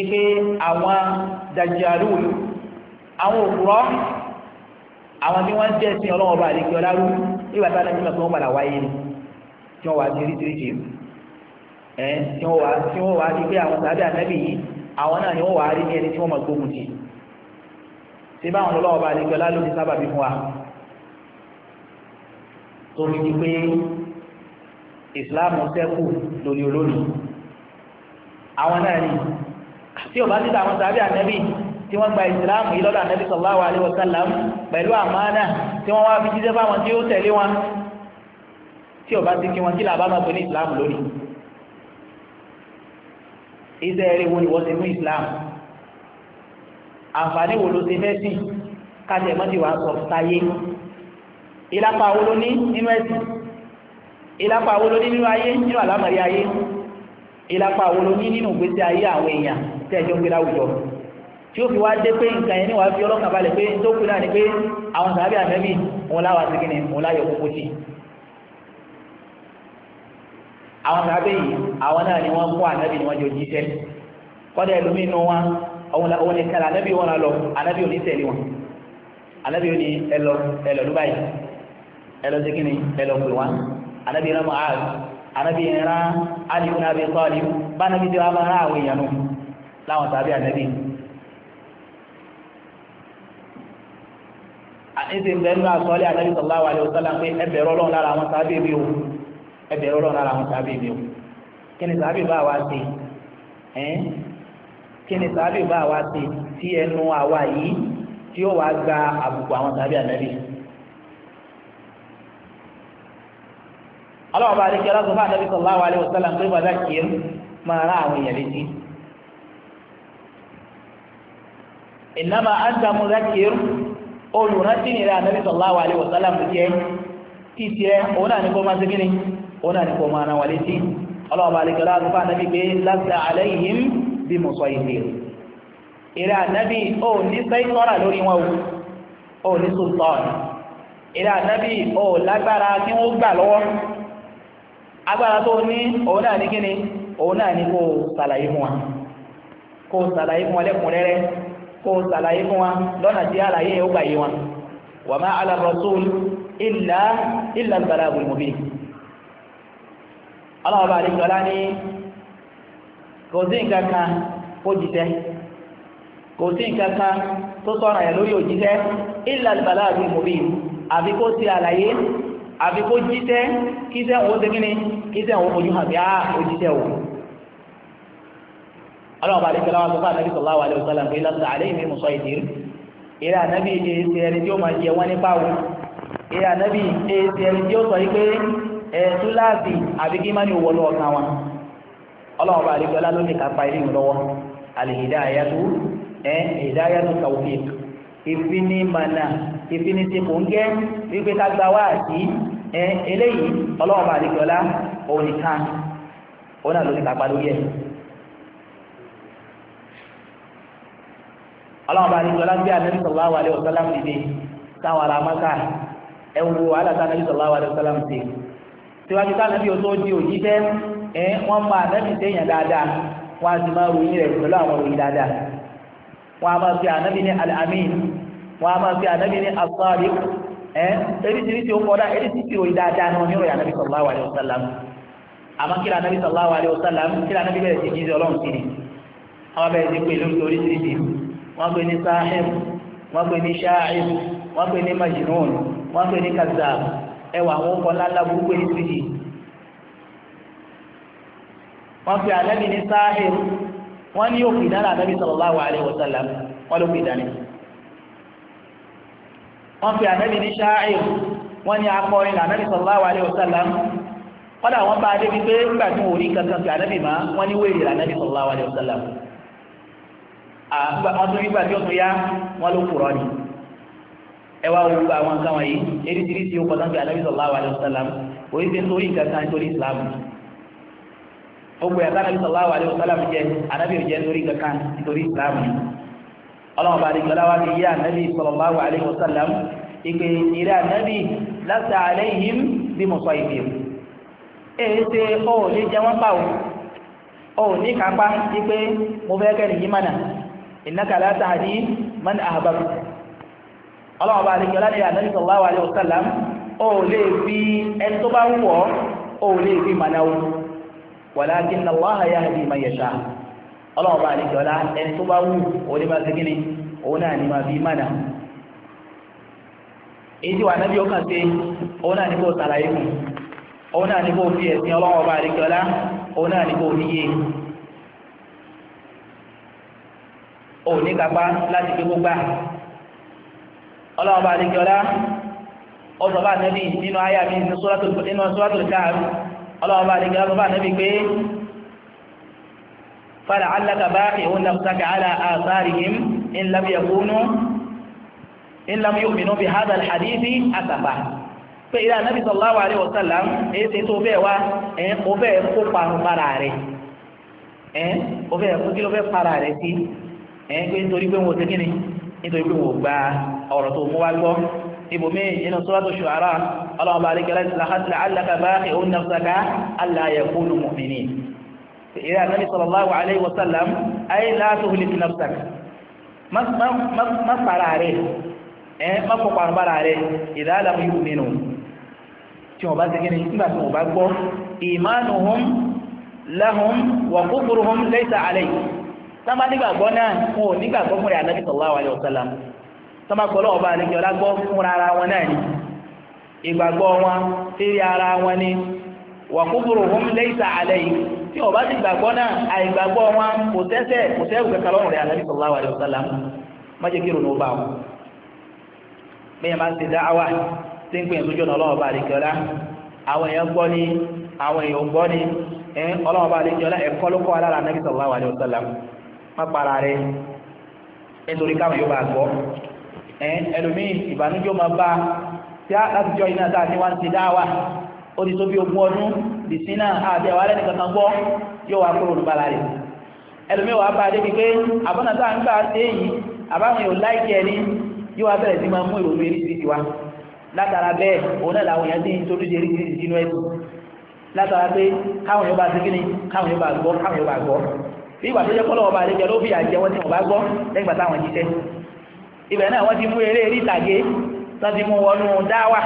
ipe àwọn dajjalu àwọn òkúrọ́ àwọn tí wọ́n ń jẹ́ sí ọlọ́wọ́ bá àdékí ọlárú ìgbà tá a lẹ́nu lọ́sọ̀rọ̀ padà wáyé ni tí wọ́n wá sí oríṣiríṣi ẹ̀ tí wọ́n wá sí pé àwọn sábẹ́ ànábì yìí àwọn náà ni wọ́n wà á rí ní ẹni tí wọ́n mọ̀ gbógun ti ṣe báwọn ọlọ́wọ́ bá lè gbọ́lá lórí sábà bí fún wa tó fi di pé Islam sẹ́kù lórí olórí àwọn náà ni tí ò bá ti sábẹ́ ànẹ́bì tí wọ́n gba Islam yìí lọ́dọ̀ ànẹ́bì sallallahu alaihi wasallam pẹ̀lú àmánà tí wọ́n wá fi jíjẹ́ fáwọn tí ó tẹ̀lé wọn tí ò ti kí wọn kí làbá máa pè ní Islam lónìí iṣẹ́ eré wo ni wọ́n ti mú islam àǹfààní wo ló ti fẹ́ sìn kájẹ mọ́tì wà sọ táyé ìlápa wo ló ní nínú ẹ̀sìn ìlápa wo ló ní nínú ayé nínú àlámọ̀rí ayé ìlápa wo ló ní nínú ìgbésí ayé àwọn èèyàn tẹ́jọ́ gbé láwùjọ tí ó fi wá dé pé nǹkan yẹn ní wàá fi ọlọ́kàn balẹ̀ pé tó kù náà ni pé àwọn sàábì àmẹ́bí òun láwàá sí kí òun láyọ̀ kókó sí i àwọn sàbẹ̀ yìí àwọn náà ni wọ́n kó ànábì ni wọ́n jọ jíṣẹ́ kọ́dà ẹlòmíì nù wọn òun ni kàlà ànábì wọn lọ ànábì òní tẹ̀lé wọn ànábì òní ẹlọ ẹlọ ló báyìí ẹlọ sí kíni ẹlọ pè wọn ànábì rẹ mọ àrùn ànábì rẹ Ali ibn Abi Talib bá ànábì tí wọn bá rà àwọn èèyàn nù láwọn sàbẹ̀ ànábì àti ìsìn bẹ́ẹ̀ nínú àsọ́lé ànábì sallallahu alaihi wasallam pé ẹ bẹ̀rù Ọlọ́run lára àwọn sàbẹ̀ bí o ẹbẹ̀rẹ̀ ọlọ́run ara wọn sábẹ́ mi o kí ni sábẹ́ bá wa ṣe ẹ́n kí ni sábẹ́ bá wa ṣe tí ẹnu àwa yìí tí ó wà gba àbùkù àwọn sábẹ́ ànábì. aláwọ̀ bá adékè aláṣọ fún ànábì sallallahu alaihi wasallam pé bàbá kìí máa rán àwọn èèyàn létí. innama anta mudhakkir olùrántí nìyẹn ànábì sallallahu alaihi wasallam jẹ́ títí ẹ òun náà ní kó máa ṣe ni ó náà ní kò máa ra wà létí ọlọ́wọ́ bá alẹ́kẹ́ láàrín fún ànábì pé lásìá àlẹ́yìn bí mo sọ ìdè ìrẹ́ ànábì ó ní sẹ́yìnlọ́rà lórí wọn ó ní sultan ìrẹ́ ànábì ó lágbára tí wọ́n gbà lọ́wọ́ agbára tó ní òun náà ní kíni òun náà ní kó sàlàyé fún wa kó sàlàyé fún wa lẹ́kùnrẹ́rẹ́ kó sàlàyé fún wa lọ́nà tí àlàyé ó gbà yé wa ma ala rasul illa illa al-balagh ọlọ́ọ̀bá àdéjọ́lá ní kò sí nǹkan kan ó jíṣẹ́ kò sí nǹkan kan tó sọ̀rọ̀ yẹn lórí òjíṣẹ́ illa al-balagh al-mubin àfi kó ti àlàyé àfi kó jíṣẹ́ kíṣẹ́ òun ṣe kíni kíṣẹ́ òun fojú hàn bí á ah, òjíṣẹ́ òun ọlọ́ọ̀bá àdéjọ́lá wọn sọ fún ànábì sallallahu alaihi wasallam pé lọ́sà àlẹ́yìn mi mú sọ ìrẹ́ ànábì èsì ẹni tí ó máa jẹ wọ́n nípa ẹ̀ẹ́tú eh, láàbì àbí kí má ní owó lọ́wọ́ kan wọn ọlọ́run bá àdégbé ọlá lónìí kápá ilé ìwọ̀n lọ́wọ́ al-hidayatu ẹ̀ eh, hidayatu tawfiq ìfini mànà ìfini ti kò ń gẹ́ wípé ká gba wá àti eh, eléyìí bá òun òun náà kápá bá gbé síwájú ká nàbí ọtọ́ di òjíṣẹ́ ẹ wọ́n máa nàbí sẹ́yìn dáadáa wọ́n á sì máa ròyìn rẹ̀ pẹ̀lú àwọn ròyìn dáadáa wọ́n á máa fi ànábì ní al-amin wọ́n á máa fi ànábì ní as-sadiq ẹ eríṣiríṣi ó kọ́dá eríṣiríṣi ròyìn dáadáa náà níròyìn ànábì sallallahu alayhi wa sallam àmọ́ kí lànàbí sallallahu alayhi wa sallam kí lànàbí bẹ̀rẹ̀ sí jíjẹ ọlọ́run sí ni àwọn bẹ̀rẹ̀ sí pé lórí oríṣiríṣi wọ́n pè ní sáhẹ́m wọ́n pè ní ṣááìm wọ́n pè ní majinun wọ́n pè ní kazaab ẹwà àwọn ọkọ̀ lálá gbogbo èsì yìí wọ́n fi ànábì ní sáhìr wọ́n ní òkè dára ànábì sallallahu alaihi wasallam wọ́n ló fi dání wọ́n fi ànábì ní sáhìr wọ́n ní akọrin ànábì sallallahu alaihi wasallam wọ́n dà wọ́n bá adé wípé nígbà tí wọ́n rí kankan fi ànábì má wọ́n ní wéèrè ànábì sallallahu alaihi wasallam wọ́n tún nígbà tí ó tún yá wọ́n ló kúrọ́ ni ẹwà wo àwọn nǹkan wọ̀nyí eréṣiríṣi ó pọ̀tán bí anábì sallallahu alaihi wasallam òye ti torí nǹkan kan torí islam gbogbo ẹ̀ka anábì sallallahu alaihi wasallam jẹ anábì ò jẹ torí nǹkan kan torí islam ọlọ́run bá dìgbà ti yí anábì sallallahu alaihi wasallam ìpè ìrẹ́ anábì lasta alaihim bí mo ìpè èyí ṣe ó lè jẹ wọ́n pa ó ní kápá wípé mo fẹ́ kẹ́ nìyí mánà innaka la tahdi man ahbabta ọlọ́wọ́ bá àríkẹ́ ọlọ́dẹ̀ ànábì sallallahu alaihi wasallam ó lè fi ẹni tó bá wù ọ́ ó lè fi mànáwó walakin Allaha yahdi man yasha ọlọ́wọ́ bá àríkẹ́ ọlá ẹni tó bá wù ó ní máa segin ni òun náà ní máa fi mànà èyí tí wà nábì ó kàn sí òun ní kó láti fi gbogbo ọlọ́wọ́ bá àlejò ọlá ọ̀sọ̀ bá nẹ́bí nínú ayá mi nínú suratul Kahf ọlọ́wọ́ bá àlejò ọlá bá nẹ́bí pé fala'allaka baqi'un nafsaka ala atharihim in lam yakunu in lam yu'minu bi hadha al-hadithi asafa pé ilé anábì sallallahu alaihi wasallam èyí tí tó bẹ́ẹ̀ wá ẹ̀ ó bẹ́ẹ̀ kó parun para rẹ̀ ẹ̀ ó bẹ́ẹ̀ kó kí ló fẹ́ para rẹ̀ sí ẹ̀ pé nítorí pé wọn ò tẹ́ kí ni nítorí pé wọn ò gbà á ọ̀rọ̀ tó mú wá gbọ́ ibùmí inú suratu shu'ara ọlọ́run bá alékẹ́lá la'allaka bākhi'un nafsaka allā yakūnū mu'minīn ìrẹ́ ànábì sallallahu alayhi wa sallam ay lā tuhlik nafsak má para rẹ̀ ẹ̀ má fọpa para rẹ̀ idhā lam yu'minū tí wọ́n bá ti gíní nígbà tí wọ́n bá gbọ́ imanuhum lahum wa kufruhum laysa alayhi sábà nígbàgbọ́ náà wọn ò nígbàgbọ́ fún sallallahu alayhi wa tọ́ba gbọ́lọ́ ọba àlejò ọlágbọ́ fúnra ara wọn náà ni ìgbàgbọ́ wọn sírí ara wọn ni wà kúburú hum laysa alayhi tí ọba ti gbàgbọ́ náà àìgbàgbọ́ wọn kò tẹ́sẹ̀ kò sẹ́wù kẹkẹ lọ́rùn rẹ̀ Ànábì sallallahu alaihi wọn. bẹ́ẹ̀ máa ń dá tí ń àlejò ọlá àwọn ẹlòmíì ìbànújẹ́ máa bá tí a láti jọ iná tàà ní wá ń ti dáwà ó ti tó bí ogún ọdún dìsínà àti àwọn alẹ́ nìkan kan gbọ́ yóò wá kúrò lùbàlà rẹ̀ ẹlòmíì wàá bá dé pípé àbọ̀nà tàà ń gbà dé yìí àbáwọn èèyàn láìkẹ́ ẹni yóò wá bẹ̀rẹ̀ sí máa mú ìrònú eréṣiríṣi wa látara bẹ́ẹ̀ òun náà làwọn èèyàn ti ń torí eréṣiríṣi sínú ẹ̀sùn látara pé káwọn yóò bá ti kí ni káwọn yóò bá gbọ́ káwọn yóò bá gbọ́ bí ìgbà tó ibẹ̀ náà wọ́n ti mú eré eré ìtàgé wọ́n ti mú wọnú dáwà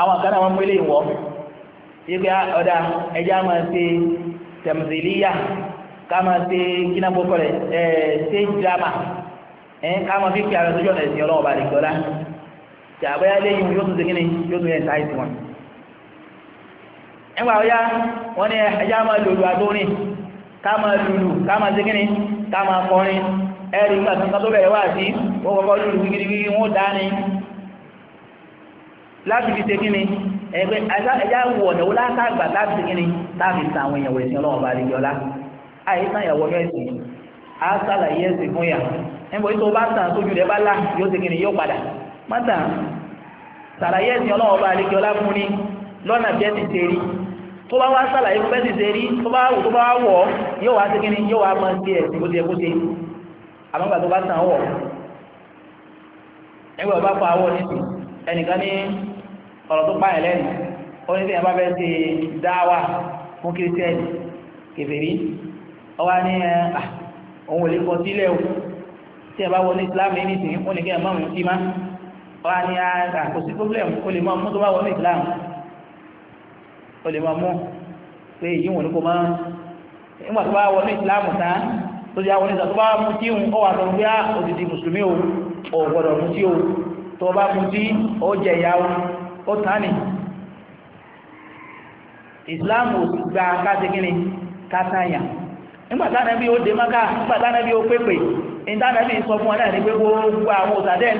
àwọn kan náà wọ́n mú ilé ìwọ́ yíká ah, ọ̀dà ẹja máa ṣe tẹ̀mùsìlíyà ká máa ṣe kínàbókọ̀ rẹ̀ ẹ̀ ṣe drama ẹ̀ ká máa fi kí ara sójú ọ̀nà ìsìn ọlọ́wọ́ balẹ̀ gbọ́dá tàbí lẹ́yìn yóò tún ṣe kíni yóò tún yẹn ta ìsìn ọ̀yá wọ́n ní ẹja máa lòlù àdórin ká máa lòlù ká máa ṣe kíni ká máa kọrin ẹ̀rí ìgbà tó bẹ̀rẹ̀ wá sí wọ́n kọ́kọ́ lùlù wọ́n dání láti fi ni ẹgbẹ́ ọ̀nà láti ni láti èèyàn bá ọlá àìsàn ìyàwó fún yà tó bá tójú rẹ̀ bá yóò ni yóò padà mọ́tà sàlàyé ẹ̀sìn bá ọlá ni lọ́nà ti ṣe rí tó bá tó bá wọ̀ yóò àmọ́ gbà tó bá tàn wọ̀ nígbà tó bá pa awọ níbi ẹnìkan ní ọ̀rọ̀ tó pààyàn lẹ́nu ó ní sẹ́yìn bá fẹ́ ṣe dáwà fún kírísítẹ́nì kèfèrí ọwọ́ ní ẹ ah, òun ò lè kọ sílẹ̀ o tí ẹ bá wọ ní islam ní ìsìn ó ní kí ẹ mọ̀ mí sí má ọwọ́ ní ah, ah, kò sí problem ó lè mọ mú tó bá wọ ní islam ó lè mọ mú pé èyí wọn ni kò máa ń nígbà tó bá wọ ní islam tán tó jẹ́ àwọn ìsàtọ́ bá mú tí ń ọwà tó ń gbé òdìdí mùsùlùmí o ò gbọ́dọ̀ mú tí o tó bá mú tí ó jẹ ìyá o ó tánì islam ò gba kásìkínni kátàyà nígbàtá nàbí ó dé máká nígbàtá nàbí ó pépè nígbàtá nàbí sọ fún ọ̀nà ní pé gbogbo àwọn òsàdẹ́ ń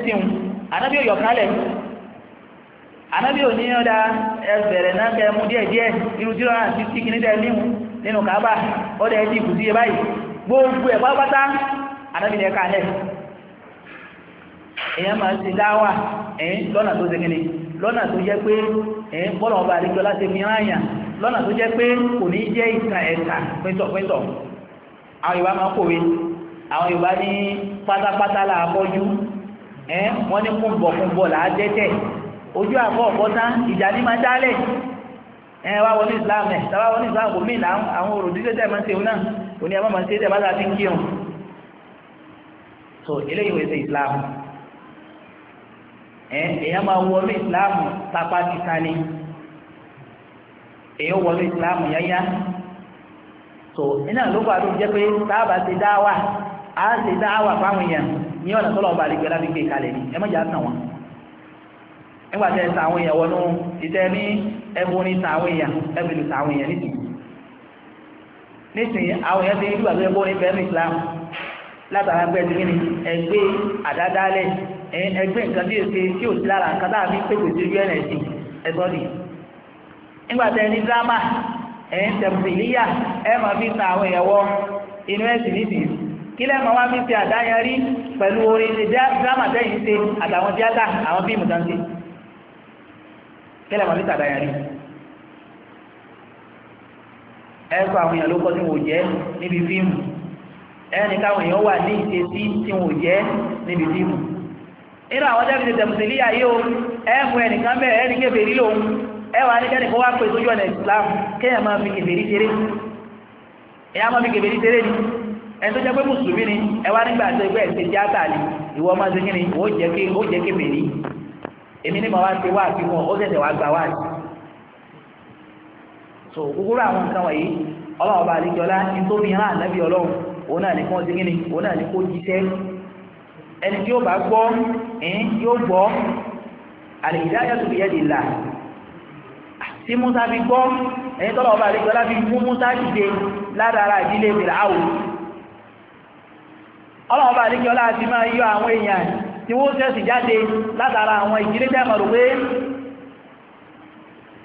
tíun gbogbo ẹ̀ pátápátá anábìnrin ẹ̀ka alẹ́ èèyàn máa ń ṣe dáwà ẹ̀yìn lọ́nà tó ṣẹ́gẹ́ni lọ́nà tó jẹ́ pé ẹ̀yìn bọ́lọ̀ ọba àríjọ láti fi ráyà lọ́nà tó jẹ́ pé kò ní jẹ́ ìta ẹ̀ta pẹ́ntọ̀pẹ́ntọ̀ àwọn Yorùbá máa kòwe àwọn Yorùbá ní pátápátá làbọ́jú ẹ̀yìn wọ́n ní kúnbọ̀kúnbọ̀ làádẹ́tẹ̀ ojú àbọ̀ ọ̀pọ̀tá ìjà ní máa dálẹ̀ ẹ̀yìn wá wọlé Islam ẹ̀ oní ẹmọ́ ma ṣe tẹ́ bá ti ń kírun so eléyìí wọ́n ṣe islam ẹ èyàn máa islam pápá títa ni èyàn wọnú islam yányá so iná ló fà ló jẹ́ pé sábà ṣe dáwà á ṣe dáwà fáwọn èèyàn ní ọ̀nà tó lọ́wọ́ bá rí gbẹ́lá fi gbé kalẹ̀ ni ẹ má jà tàn wọn nígbà tẹ́ sàwọn èèyàn wọnú ìtẹ́ ní ẹbùn ní sàwọn èèyàn nísìnyí àwọn èèyàn ti ń gbàgbé ẹgbẹ́ orin bẹ́ẹ̀ ní Islam látara ẹgbẹ́ ti kíni ẹgbẹ́ àdádálẹ̀ ẹgbẹ́ nǹkan tí èsì tí ò sí lára nǹkan tá a fi pépè sí un ẹ̀sìn ẹ̀gbọ́n ni. nígbà tẹ ní dírámà ẹ̀ ń tẹ̀sí yíyà ẹ̀ máa fi tan àwọn èèyàn wọ inú ẹ̀sìn nísìnyí kí lẹ́ẹ̀ máa wá fi ṣe àdáyẹrí pẹ̀lú orin dírámà tẹ́yìn ṣe àtàwọn tíátà àwọn fíìmù tán ṣe kí lẹ́ẹ̀ máa fi ṣe àdáyẹrí ẹ̀kọ́ àwọn èèyàn ló kọ́ tí wọ́n jẹ́ níbi fíìmù ẹni káwọn èèyàn wà ní ìṣe sí tí wọ́n jẹ́ níbi fíìmù nínú àwọn jáde tètè mùsùlùmí ayé o ẹ̀mù ẹnìkan bẹ́ẹ̀ ẹni kébèrè lòun ẹwà nígbà nìkan wá pé sójú ọ̀nà Islam kéèyàn máa fi kébèrè ṣeré ẹ̀yà máa fi kébèrè ṣeré ni ẹni tó jẹ́ pé mùsùlùmí ni ẹwà nígbà tó ẹgbẹ́ ẹ̀ṣẹ̀ tíátà ni ìwọ máa ṣe kí ni ó jẹ́ kébèrè èmi ní màá wá ṣe wá àfihàn ó ṣẹ̀ṣẹ̀ wá gbà wá àti so gbogbo àwọn nǹkan wọ̀nyí ọlọ́run ọba àlejòlá nítorí hàn ànábì ọlọ́run òun náà ní kí wọ́n ti kíni òun náà ní kó jíṣẹ́ ẹni tí ó bá gbọ́ ẹ̀yìn yóò gbọ́ al-hidayatu biyadillah tí Musa fi gbọ́ ẹni tọ́lọ̀ ọba àlejòlá fi mú Musa dìde ládàra ìdílé Fìràáwù ọlọ́run ọba àlejòlá ti máa yọ àwọn èèyàn tí wọ́n sẹ́sì jáde látara àwọn ìdílé jámọ̀rò pé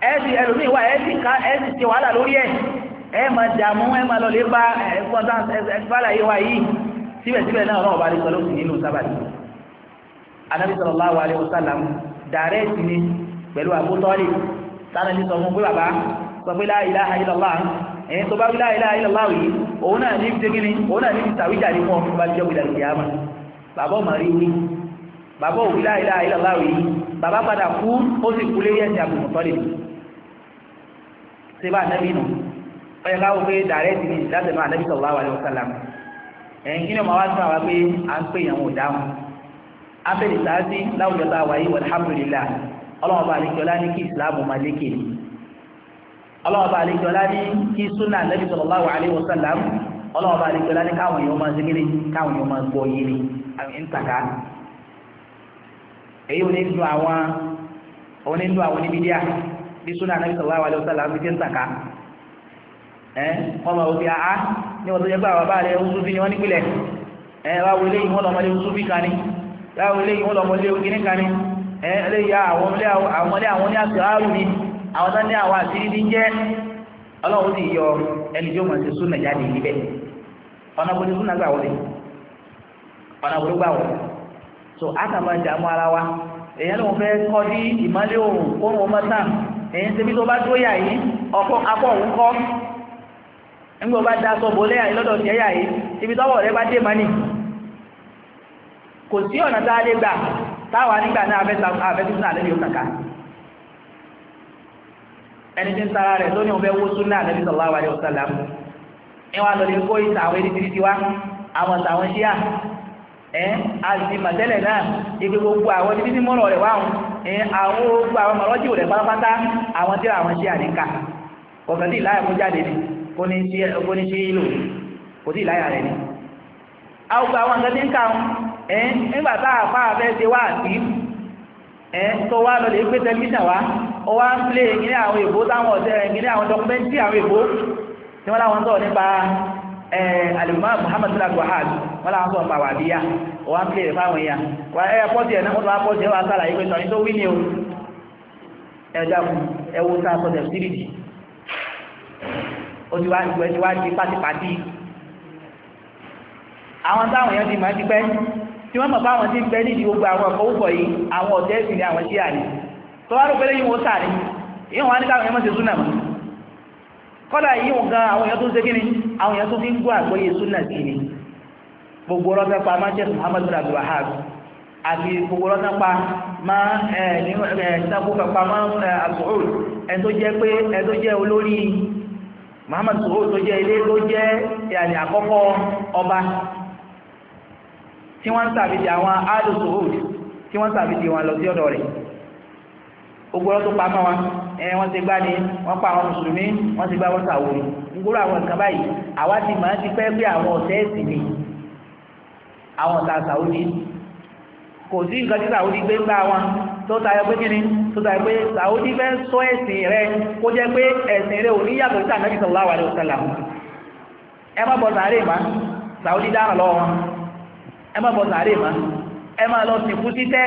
ẹ̀ẹ́dì ẹlòmíì wà ẹ̀ẹ́dì ká ẹ̀ẹ́dì ti wàhálà lórí ẹ̀ ẹ̀ máa dààmú ẹ̀ máa lọ lè bá ẹ̀ẹ́dìbálà yìí wá yìí síbẹ̀síbẹ̀ náà ọ̀rọ̀ ọ̀bá nípa lóṣù nínú sábàtì anábì sallallahu alaihi wasallam dàrẹ́ẹ̀tì ni pẹ̀lú Abu Talib tánàbí sọ fún pé bàbá sọ pé la ilaha illallah ẹ̀yìn tó bá wí la ilaha illallah yìí òun náà ní fi gíní òun náà ní fi tàwíjà ní fún ọkùnrin bàbá ọmọ rí wí bàbá bàbá padà kú ó sì kú lé yẹ́sì Abu Talib ṣe bá ànábì nù ọyọ káwọ pé dàrẹ́tì ni látẹnu ànábì sallallahu alaihi wasallam ẹ̀yìn kí ni ọmọ wa sọ àwọn pé à ń pè yàn wò dáhùn abẹ́lẹ̀ sáájú láwùjọ tá a wáyé walhamdulillah ọlọ́wọ́n bá àlejò ọlá ní kí ìsìlámù máa lékè ọlọ́wọ́n bá àlejò ọlá ní kí súnà ànábì sallallahu alaihi wasallam ọlọ́wọ́ bá dìgbò láti káwọn èèyàn máa zikiri káwọn èèyàn máa gbọ́ yìí ni àwọn ìntàkà èyí ò du àwọn ò ní du àwọn níbi díà bí súnà nàbí sọ̀rọ̀ àwọn àlẹ́wọ̀sá làwọn fi ń tàka ẹ́ wọ́n máa wọ́n fi àá ní wọ́n tó jẹ́ pé àwọn bá rẹ̀ ń súnfì ni wọ́n nípìnlẹ̀ ẹ́ wá wọlé yìí wọ́n lọ́mọ lé súnfì kan ni wá wọlé yìí wọ́n lọ́mọ lé kíní kan ni ẹ́ lè ya àwọn ọmọdé àwọn ní àṣìláàrù ni àwọn tó ní àwọn àṣírí ní jẹ́ ọlọ́run sì yọ ẹni tí ó mọ̀ sí súnà jáde níbẹ̀ ọ̀nà kò ní súnà gbà wọlé ọ̀nà kò ní gbà wọlé so àtàwọn ìdààmú ara wa èèyàn ló ń fẹ́ kọ́ ní ìmọ̀lẹ́ òòrùn kó ń wọ́n ee ṣe bí tó bá dúró yà yìí ọkọ akọ òun kọ́ nígbà bá da aṣọ bòlẹ́ yà yìí lọ́dọ̀ tiẹ̀ yà yìí ibi tọ́wọ́ rẹ bá dé mọ́nì kò sí ọ̀nà tá a lè gbà táwa nígbà náà àlẹ́ yóò kàkà ẹni tí ń rẹ̀ wó kó ìtàwé ní ẹ́ àti màtẹ́lẹ̀ náà ibi gbogbo àwọn ibi tí mọ́rọ̀ rẹ̀ wáhùn ẹ́ àwọn gbogbo àwọn mọ̀rọ́jì rẹ̀ pátápátá àwọn tí àwọn ṣe àríkà ọ̀kan tí ìláyà fún jáde ni kò ní ṣe ìlò kò tí ìláyà rẹ̀ ni. àwọn àwọn nǹkan tí ń kàún ẹ́ nígbà tá a fà fẹ́ ṣe wá àti ẹ́ tó wá lọ lè gbé tẹlifíṣàn wá ó wá ń plé ìgbìnlẹ̀ àwọn èbó táwọn ọ̀tẹ̀ ìgbìnlẹ̀ àwọn dọkumẹ́ntì àwọn èbó tí wọ́n alimọ́ muhammad sallallahu alaihi wa wọ́n láwọn ya pa wàbíyá wọ́n pè fáwọn èèyàn wà na pọ́sì ẹ̀ náà wọ́n wá pọ́sì ẹ̀ wá sára sọ o ẹ̀dá ẹwọ sáà sọ tẹ̀síìrìdì ó ti wá ìgbẹ́ ti wá di àwọn táwọn èèyàn ti máa ti tí ti nídìí gbogbo àwọn yìí àwọn ni àwọn tó wá àwọn èèyàn tó fi ń gbọ́ àgbọ́yé súnà sí ni gbogbo rọ́tà pa má jẹ́ muhammadu abdul wahab àti gbogbo rọ́tà pa má ẹ̀ nínú ẹ̀ sábò pa má àbúrò ẹ̀ tó jẹ́ pé ẹ̀ tó jẹ́ olórí muhammadu sòwò tó jẹ́ ilé ló jẹ́ ìyàní àkọ́kọ́ ọba tí wọ́n ń tàbídì àwọn áàdù sòwò tí wọ́n ń tàbídì wọn lọ sí ọ̀dọ̀ rẹ̀ gbogbo rọ́tà pa má wọn ẹ wọ́n ti gbá ni wọ́n pa àwọn mùsùlùmí wọ́n ti gbá wọ́n sàwò ni ngúrò àwọn nǹkan báyìí àwa ti máa ti pẹ́ pé àwọn ọ̀tẹ́ ẹ̀sìn ni àwọn ọ̀tá sàwòdì kò sí nǹkan tí sàwòdì gbé ń bá wọn tó tayọ pé kíni tó tayọ pé sàwòdì fẹ́ sọ ẹ̀sìn rẹ kó jẹ́ pé ẹ̀sìn rẹ ò ní yàtọ̀ sí ànábì sallallahu alaihi wasallam ẹ má bọ̀ sàárè má sàwòdì dáhùn lọ́wọ́ ẹ má bọ̀ sàárè má ẹ má lọ sìnkú títẹ́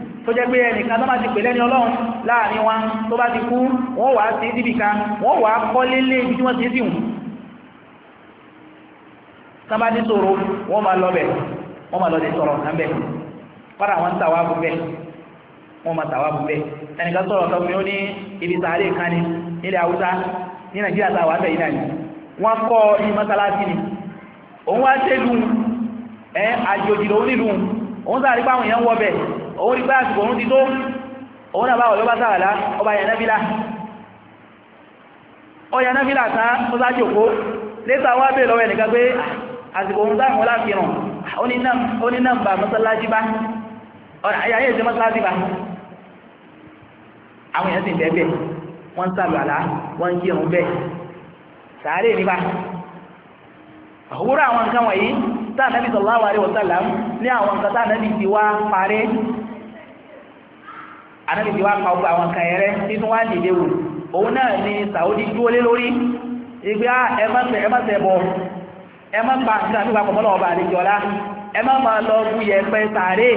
tó jẹ́ pé ẹnìkan tó bá ti ọlọ́run láàrin wa tó bá ti kú wọ́n wà sí síbìkà wọ́n wà ibi tí wọ́n ti dìhùn tó bá ti sọ̀rọ̀ wọ́n máa lọ bẹ̀ wọ́n máa lọ lè sọ̀rọ̀ kan bẹ̀ wọn tàwa wọ́n tàwa ẹnìkan ibi sàárè kan ní ilẹ̀ haúsá ní nàìjíríà tá bẹ̀ yìí náà wọ́n kọ́ ni òun rí báyà ṣùgbọ́n ti tó òun náà bá wọ̀ lọ́bá sáàlá ọba yànáfílà ọ yànáfílà ta ó sá jòkó lẹ́sà wá bèèrè lọ́wọ́ ẹnìkan pé ah, àsìkò òun dáhùn láàfihàn ó ní nàmbà mọ́sálásí bá ayé ìṣe mọ́sálásí bá àwọn èèyàn sì ń bẹ́ẹ̀ bẹ́ẹ̀ wọ́n ń sàlù àlá wọ́n ń kírun bẹ́ẹ̀ sàárè nípa òwúrọ̀ àwọn nǹkan wọ̀nyí táà nábì sallallahu alaihi ní àwọn nǹkan táà ti wá parẹ́ anábì ti wá pa ọgbà àwọn kan ẹrẹ títún wá dìde wò òun náà ni Saudi dúró lé lórí ìgbé ah, ẹ má ṣe ẹ má ṣe bọ ẹ má pa àti àti ìwà pọ̀mọ́lọ́ ọba àlejò ọlá ẹ má máa lọ bu yẹpẹ sàárè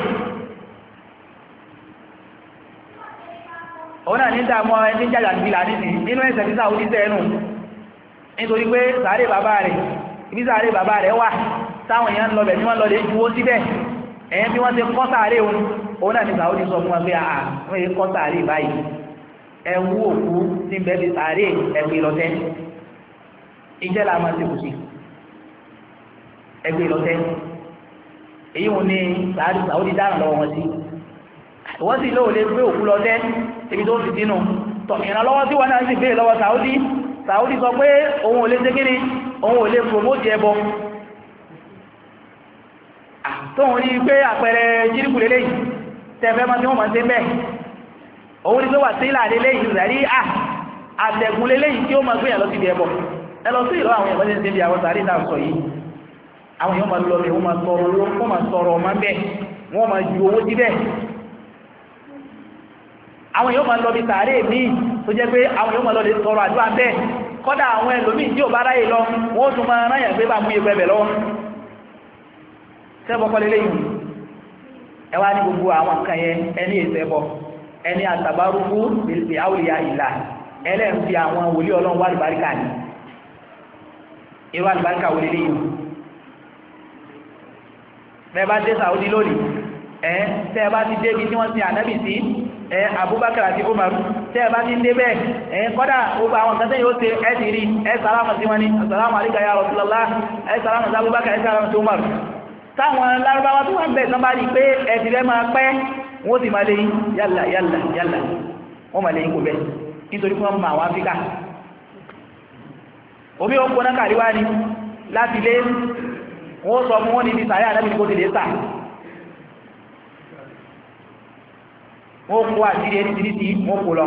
òun náà ní dààmú ẹni tí ń jàjà níbi làní sí nínú ẹsẹ̀ tí Saudi tẹ́ ẹnu nítorí pé sàárè bàbá rẹ̀ ibi sàárè bàbá rẹ̀ wà táwọn èèyàn lọ bẹ̀ tí wọ́n lọ lè juwó òun náà ní sàwọn ti sọ fún wa pé àà wọ́n yẹ kọ́ sàárè báyìí ẹ̀wú òkú tí ń bẹ́ẹ̀ fi sàárè ẹ̀gbẹ́ lọ́tẹ́ ìjẹ́ la máa ṣe kù sí ẹ̀gbẹ́ lọ́tẹ́ èyí wọn ní sàwọn ti dáhùn lọ́wọ́ wọn sí wọ́n sì lóòlé gbé òkú lọ́tẹ́ ibi tó fi sínú tọ̀ ìrànlọ́wọ́ tí wọ́n náà sì béèrè lọ́wọ́ sàwọ́dí sàwọ́dí sọ pé òun ò lè ṣe kíni òun ò lè promote ẹbọ tóun rí pé àpẹẹrẹ jíríkù lélẹ́yìí tẹ́fẹ́ máa tí wọ́n máa ṣe bẹ́ẹ̀ òun ni pé wà sí ìlànà eléyìí sàrí à àtẹ̀gùn tí ó máa gbéyàn lọ ẹbọ ẹ lọ sí ìlọ àwọn èèyàn bọ́sẹ̀ ń débi àwọn sàrí náà sọ yìí àwọn èèyàn máa lọ bẹ̀ wọ́n máa sọ̀rọ̀ wọ́n máa sọ̀rọ̀ bẹ́ẹ̀ wọ́n máa ju owó àwọn máa lọ bí sàárè míì tó jẹ́ pé àwọn ẹ wá ní gbogbo àwọn nǹkan yẹn ẹni ìṣẹ́bọ ẹni àtàbárúkú bèbè áwòlíyá ìlà ẹlẹ́yìn fi àwọn wòlíì ọlọ́run wá àlùbáríkà ni irú àlùbáríkà wòlíì lẹ́yìn bẹ́ẹ̀ bá dé sàwọ́dí lónìí ẹ̀ tẹ́ ẹ bá ti débi tí wọ́n ti ànábì sí ẹ Abubakar àti Umar tẹ́ ẹ bá ti dé bẹ́ẹ̀ ẹ kọ́dà gbogbo àwọn nǹkan tẹ́ yóò ṣe ẹ ti rí ẹ sàlámù sí wọn ni sàlámù àríkà ya Rasulullah táwọn lárúbáwá tó wọ́n bẹ̀ẹ̀ sọ́bá rí pé ẹ̀sìn rẹ̀ máa pẹ́ wọ́n sì máa lè yí yálà yálà yálà wọ́n máa lè yí kò nítorí fún àwọn áfíríkà omi ó kóná kàríwá ni láti lé wọ́n sọ fún sàárẹ́ sà wọ́n kó àṣírí ẹni tìrí sí wọ́n kó lọ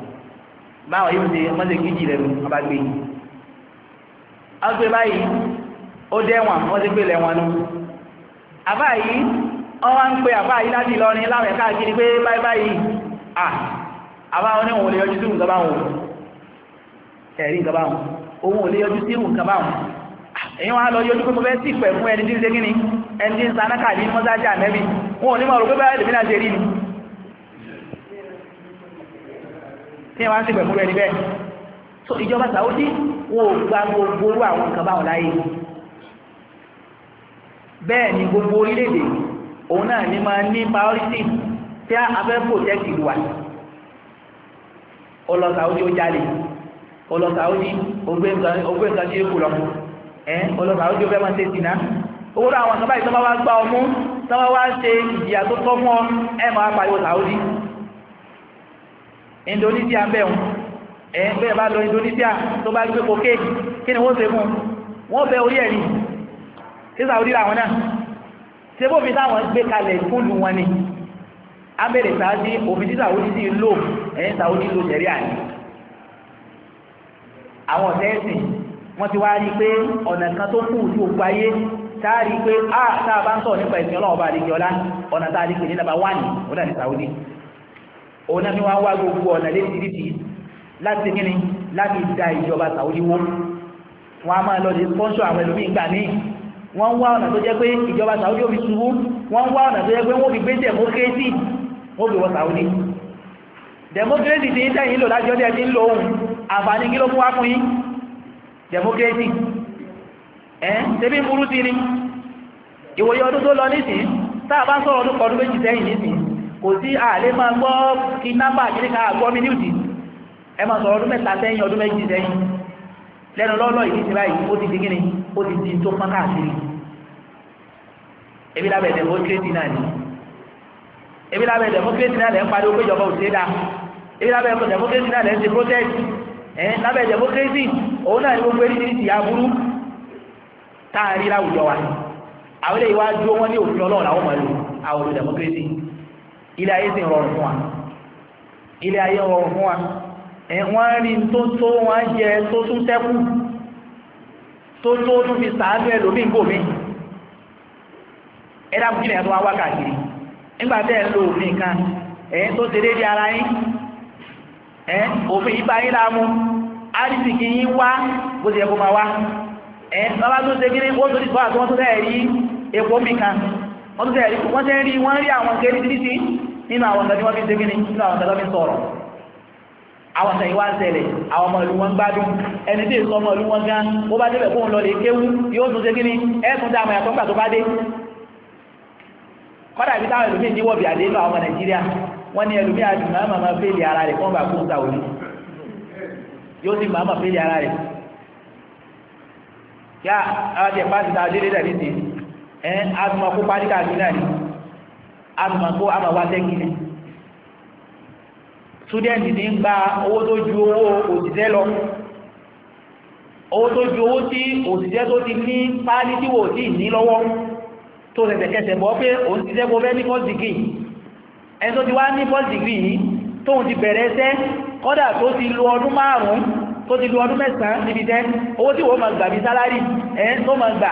báwọn yóò ṣe wọ́n ṣe lẹ́nu wọ́n gbé yìí wọ́n báyìí ó dẹ́wọ̀n wọ́n gbé lẹ́wọ̀n nù àbá yìí ń pe àbá yìí láti láwọn ẹ̀ka kiri pé à àbá yọjú yọjú èyí wọn á lọ yọjú pé mo fẹ́ sí ìpẹ̀ fún ẹni tí ń ṣe ni ẹni tí ń ní mọ́sájà mẹ́bí wọn ò ní mọ̀ tí wọ́n á sì gbẹ̀mú rẹ̀ níbẹ̀ so ìjọba Saudi wọn ò gba gbogbo orú àwọn nǹkan báwọn láyé bẹ́ẹ̀ ni gbogbo orílẹ̀-èdè òun náà ní máa ní priority tí a fẹ́ protect ìlú wa ó Saudi ó jalè ó lọ Saudi ó gbé nǹkan tí ó kù lọ ẹ ó Saudi ó fẹ́ máa ṣe sìnà owó àwọn nǹkan báyìí tó bá wá gbá ọmú tó bá wá ṣe ìjìyà tó tọ́ fún ẹ máa pariwo Saudi. Indonesia bẹ́ẹ̀ ẹ̀ bẹ́ẹ̀ bá lọ Indonesia tó bá gbé kòkè kí ni wọ́n ṣe fún wọ́n bẹ orí ẹ̀rí sísà orí làwọn náà ṣe bó fi táwọn gbé kalẹ̀ fúlù wọn ni abẹ́rẹ́ sáájú òfin sísà orí sí lò ẹ̀yìn sáà orí lò ṣẹ̀rí àní àwọn ọ̀tẹ́ ẹ̀sìn wọ́n ti wá rí pé ọ̀nà kan tó kù sí òkú ayé táà rí pé ah, a táà bá ń sọ̀rọ̀ nípa ìsìn ọlọ́ọ̀bá àdìjọ́lá ọ̀nà táà rí pé ní nàbà wà ní ọ̀nà ní Saudi òun náà fi wá wá gbogbo ọ̀nà létí láti kíni láti da ìjọba Saudi wó wọn a máa lọ sí sponsor àwọn ẹlòmíì gbà míì wọ́n wá ọ̀nà tó jẹ́ pé ìjọba Saudi omi ṣubú wọ́n wá ọ̀nà tó jẹ́ pé wọ́n fi gbé democracy wọ́n fi wọ Saudi democracy ti ń tẹ̀yìn lò lájọ́ tẹ́ ti ń lo ohun àǹfààní kí ló mú wá fún yín democracy ẹ̀ tẹ́bí burú sí ni ìwòye ọdún tó lọ tá a bá sọ̀rọ̀ ọdún nísìn kò sí ààlé máa gbọ́ kí nọ́mbà àjíríkà àgbọ́ mílíùtì ẹ máa sọ̀rọ̀ ọdún mẹ́ta sẹ́yìn ọdún méjì sẹ́yìn lẹ́nu lọ́lọ́ ìdí ti báyìí ó ti di gíní ó ti di tó pán káàkiri democracy náà ni ebi lábẹ́ democracy náà lẹ́ ń pariwo pé ìjọba ò sí dáa ebi democracy náà lẹ́ ń protest ẹ̀ lábẹ́ democracy òun náà ni gbogbo eréjì ti aburú táàrí láwùjọ wa àwọn eléyìí wá dúró wọn ní òfin ọlọ́run àwọn ọmọ ìlú àwọn olùdemocracy ilé ayé sì rọrùn fún wa ilé ayé rọrùn fún wa wọ́n rí tó tó wọ́n jẹ tó tún sẹ́kù tó tó tún fi sàánú ẹ lómi gbòmí ẹ dákun kí lẹ́yìn tó wá wá káàkiri nígbà tẹ́ ẹ ń lo òfin kan ẹ tó ṣe déédéé ara yín ẹ òfin yìí bá yín láàmú àrísìkì yín wá bó ṣe yẹ kó máa wá ẹ bàbá tó ṣe kí ni ó tó ti fọ́ àtúntò ẹ̀ yí epo mi kan wọ́n tún tẹ̀rí wọ́n tẹ́ rí wọ́n rí àwọn tẹ́rí tí sí nínú àwọn tẹ́rí wọ́n fi tẹ́rí ní nínú àwọn tẹ́rí sọ̀rọ̀ àwọn tẹ́rí wá ń tẹ̀lẹ̀ àwọn ọmọ ìlú wọn gbádùn ẹni tí ìsọ ọmọ ìlú wọn gan ó bá débẹ̀ fóun lọ lè kéwú yóò tún tẹ́rí ní ẹ̀sùn tí a mọ̀ yàtọ̀ tó bá dé kọ́dà ibi táwọn ẹlòmíì ní wọ̀bì àdé náà ọmọ nàìjíríà wọ́n ní ẹlòmíì àdùnnà màmá fèlè ara rẹ̀ fún bàbá òǹtà òní yóò sì màmá fèlè ara rẹ̀ yá àwọn ti ẹ̀ pàṣẹ tá a délé dàbí sí i ẹ azùmọ̀ kó parí káàkiri náà ni azùmọ̀ kó ama wá tẹ́kì ni student ní ń gba owó tó ju owó òṣìṣẹ́ lọ owó tó ju owó tí òṣìṣẹ́ tó ti ní páálí tí wò tí ní lọ́wọ́ tó tẹ̀tẹ̀kẹsẹ̀ bọ́ pé òun ti jẹ́ gbọ́fẹ́ ní first degree ẹni tó ti wá ní first degree yìí tóun ti bẹ̀rẹ̀ ẹsẹ́ kọ́dà tó ti lo ọdún márùn-ún tó ti lo ọdún mẹ́sàn-án níbi tẹ́ owó tí wọ́n máa gbà bí sálárì ẹ̀ tó máa gbà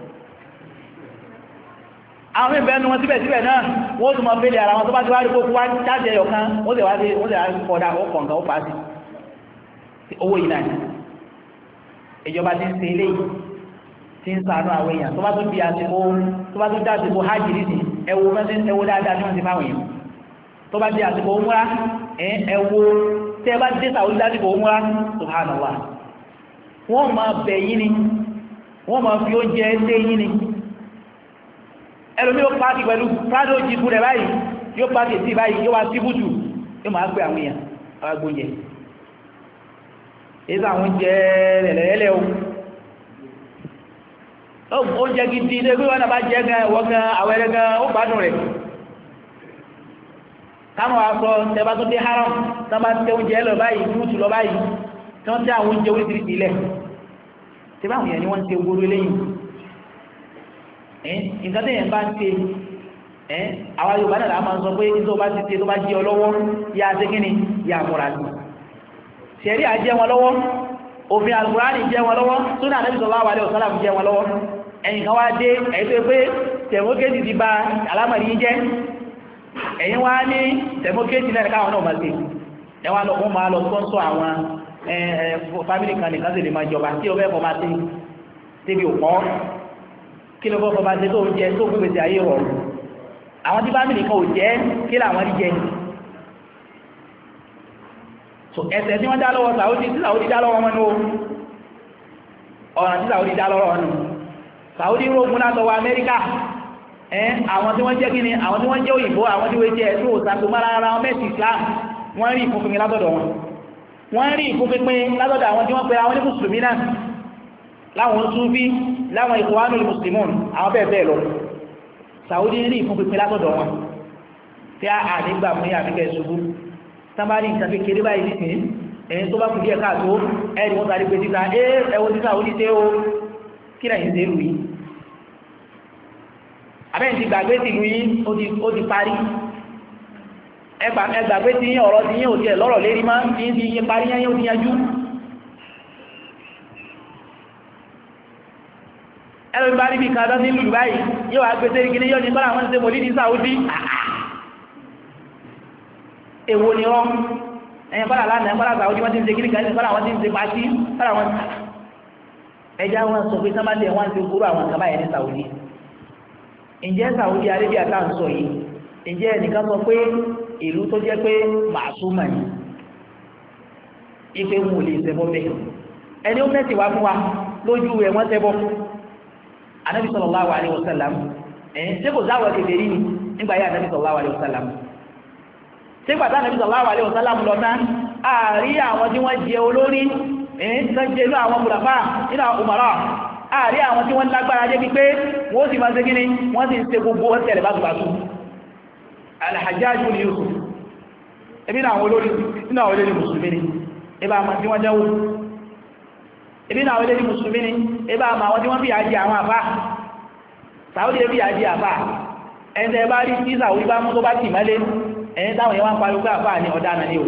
àwọn ìbẹ̀ẹ́nu wọn síbẹ̀síbẹ̀ náà wọ́n tún mọ̀ fẹ́lẹ̀ ara wọn tó bá ti wá rí kókó wá jáde ẹ̀yọ̀ ó lè wá rí kọ̀dá ọkọ̀ǹkan ó pàásì owó yìí ìjọba ti ń ṣe ilé tí ń ṣàánú àwọn èèyàn tó bá tún bí àsìkò ẹwọ mẹ́sẹ̀ ẹwọ ti fáwọn èèyàn tó múra ẹwọ tẹ́ bá wọ́n máa bẹ̀ yín ni wọ́n máa fi oúnjẹ dé yín ni ẹlòmí yóò pàákì pẹ̀lú prado jìbù rẹ̀ báyìí yóò pàákì sí báyìí yóò wá síbùtù yóò máa pè àwọn èèyàn àwọn agbóúnjẹ èyí àwọn oúnjẹ lẹ̀lẹ̀lẹ̀ o oúnjẹ gidi ilé gbé wọn bá jẹ gan ẹwọ gan àwọn ẹrẹ gan ó gbádùn rẹ káwọn akọ tẹbá tó dé haram tí wọn bá tẹ oúnjẹ lọ báyìí fúrúùtù lọ báyìí tí wọn tẹ àwọn oúnjẹ oríṣiríṣi ilẹ̀ tẹbá àwọn èèyàn ni wọn ń gbóró eléyìí nǹkan tẹ̀yẹ̀ bá ń ṣe àwa yorùbá náà láàmà sọ pé ní tó bá ti ṣe tó bá jẹ́ ọ lọ́wọ́ yá ṣe kí ni yá múra sí ṣẹ̀rí à jẹ́ wọn lọ́wọ́ òfin alukurani jẹ́ wọn lọ́wọ́ súnà ànábì sallallahu alaihi wasallam jẹ́ wọn lọ́wọ́ ẹ̀yìn kan wá dé ẹ̀yìn tó pé tẹ̀mọ́kéjì ba alámàrí jẹ́ ẹ̀yìn wá ní tẹ̀mọ́kéjì náà káwọn náà máa ṣe ẹwà lọ fún máa lọ sọ́nsọ́ àwọn fámìlì kan nìkan sì lè máa jọba tí ó fẹ́ fọ́ máa ṣe débi kí ló bọ́ bá ṣe tó jẹ tó gbé gbèsè ayé rọrùn àwọn tí fámìlì kan ò jẹ kí làwọn rí jẹ so ẹsẹ̀ tí wọ́n dá lọ́wọ́ sàwọ́dí tí sàwọ́dí dá lọ́wọ́ wọn ní ọ̀ràn tí sàwọ́dí dá lọ́wọ́ wọn sàwọ́dí rógun látọwọ́ amẹ́ríkà ẹ́n àwọn tí wọ́n jẹ́ kíni àwọn tí wọ́n jẹ́ òyìnbó àwọn tí wọ́n jẹ́ ẹ̀sùn òsàkó mara ara wọn mẹ́sì islam wọ́n rí ìfúnfin látọ̀dọ̀ wọn wọ́n rí ìfúnfin látọ̀dọ̀ àwọn tí wọ́n pẹ̀lú àwọn ní láwọn súnfí láwọn Ikhwanul Muslimun àwọn bẹ́ẹ̀ bẹ́ẹ̀ lọ Saudi rí fún pípẹ́ látọ̀dọ̀ wọn tí a àdígbà fún ní àfikẹ́ ìṣubú tábàrí nǹkan kékeré báyìí nìkan ẹ̀yìn tó bá kù díẹ̀ káàtó ẹni wọ́n tàbí pé títà ẹwọ títà ó ní tẹ́ o kí náà yìí tẹ́rù yìí ẹlòmí bá rí bí kan lọ́sí lùlù báyìí yóò wá gbèsè ìgbìlẹ̀ yóò ní kọ́lá àwọn ṣe mọ̀lí ní Saudi èwo ni wọ́n ẹ̀yìn kọ́lá lánàá kọ́lá Saudi wọ́n ti ń ṣe kíríkà ẹ̀yìn kọ́lá wọ́n ti ń ṣe pàtí kọ́lá wọn ẹja wọn sọ pé sábàdì wọn ti gbúrú àwọn kaba yẹn ní Saudi ǹjẹ́ Saudi Arabia tá à ń sọ yìí ǹjẹ́ ẹnìkan sọ pé ìlú tó jẹ́ pé màásùmà ò lè ṣẹbọ bẹ́ẹ̀ ẹni ó mẹ́sì wá fún wa lójú ẹ̀ wọ́n fún anabi sallallahu alayhi wa sallam ẹ̀ ṣé kò sáwọ́ kékeré ni nígbà yá anabi sallallahu alayhi wa sallam ṣé gbàtà anabi sallallahu alayhi wa sallam lọ tán àárí àwọn tí wọ́n jẹ olórí ẹ̀ tán jẹ inú àwọn mùlàfà nínú àwọn òmàrà àárí àwọn tí wọ́n lágbára jẹ́ pípé wọ́n sì máa ṣe kíni wọ́n sì ń ṣe gbogbo wọn tẹ̀lé báṣubàṣu ni yóò ẹbí náà àwọn olórí nínú àwọn olórí mùsùlùmí ni ẹbá àmà tí wọ́n jẹ́wọ́ ebi náà wọlé ní mùsùlùmí ni ebá àmà àwọn tí wọ́n fìyà jẹ àwọn àfá sàúdí lè fìyà jẹ àfá ẹ̀ẹ́dẹ̀ bá rí tí sàúdí bá mú tó bá tì mọ́lé ẹ̀yìn táwọn yẹn wá ń pariwo pé àfá ní ọ̀daràn ni o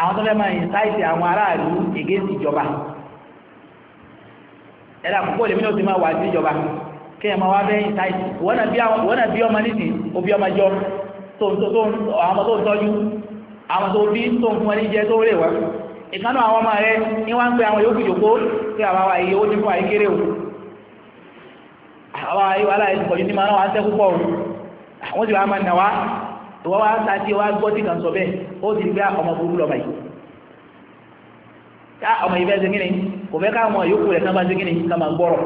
àwọn tó fẹ́ máa yìn sáìsì àwọn aráàlú ègé sí ìjọba ẹ̀dà púpọ̀ lèmi náà ti máa wà sí ìjọba kí ẹ̀ máa wá bẹ́ yìn sáìsì wọ́n náà bí ọmọ nísìn òbí ọmọ jọ tó àwọn tó ń tọ́jú àwọn tó bí tó ń fún ẹni jẹ tó rè wọ́n ìkánú àwọn ọmọ rẹ̀ ní wọ́n ń pẹ àwọn yòókù jòkó tí àwọn àwọn ìyẹ́wó ti fún àìkéré o àwọn àìwà aláìsìkọ̀ yìí ní máa wá sẹ́ púpọ̀ o àwọn ti wá máa nà wá ìwọ́ wá ta tí wá gbọ́ tí kàn sọ bẹ́ẹ̀ ó ti gbé ọmọ burú lọ báyìí ká ọmọ yìí fẹ́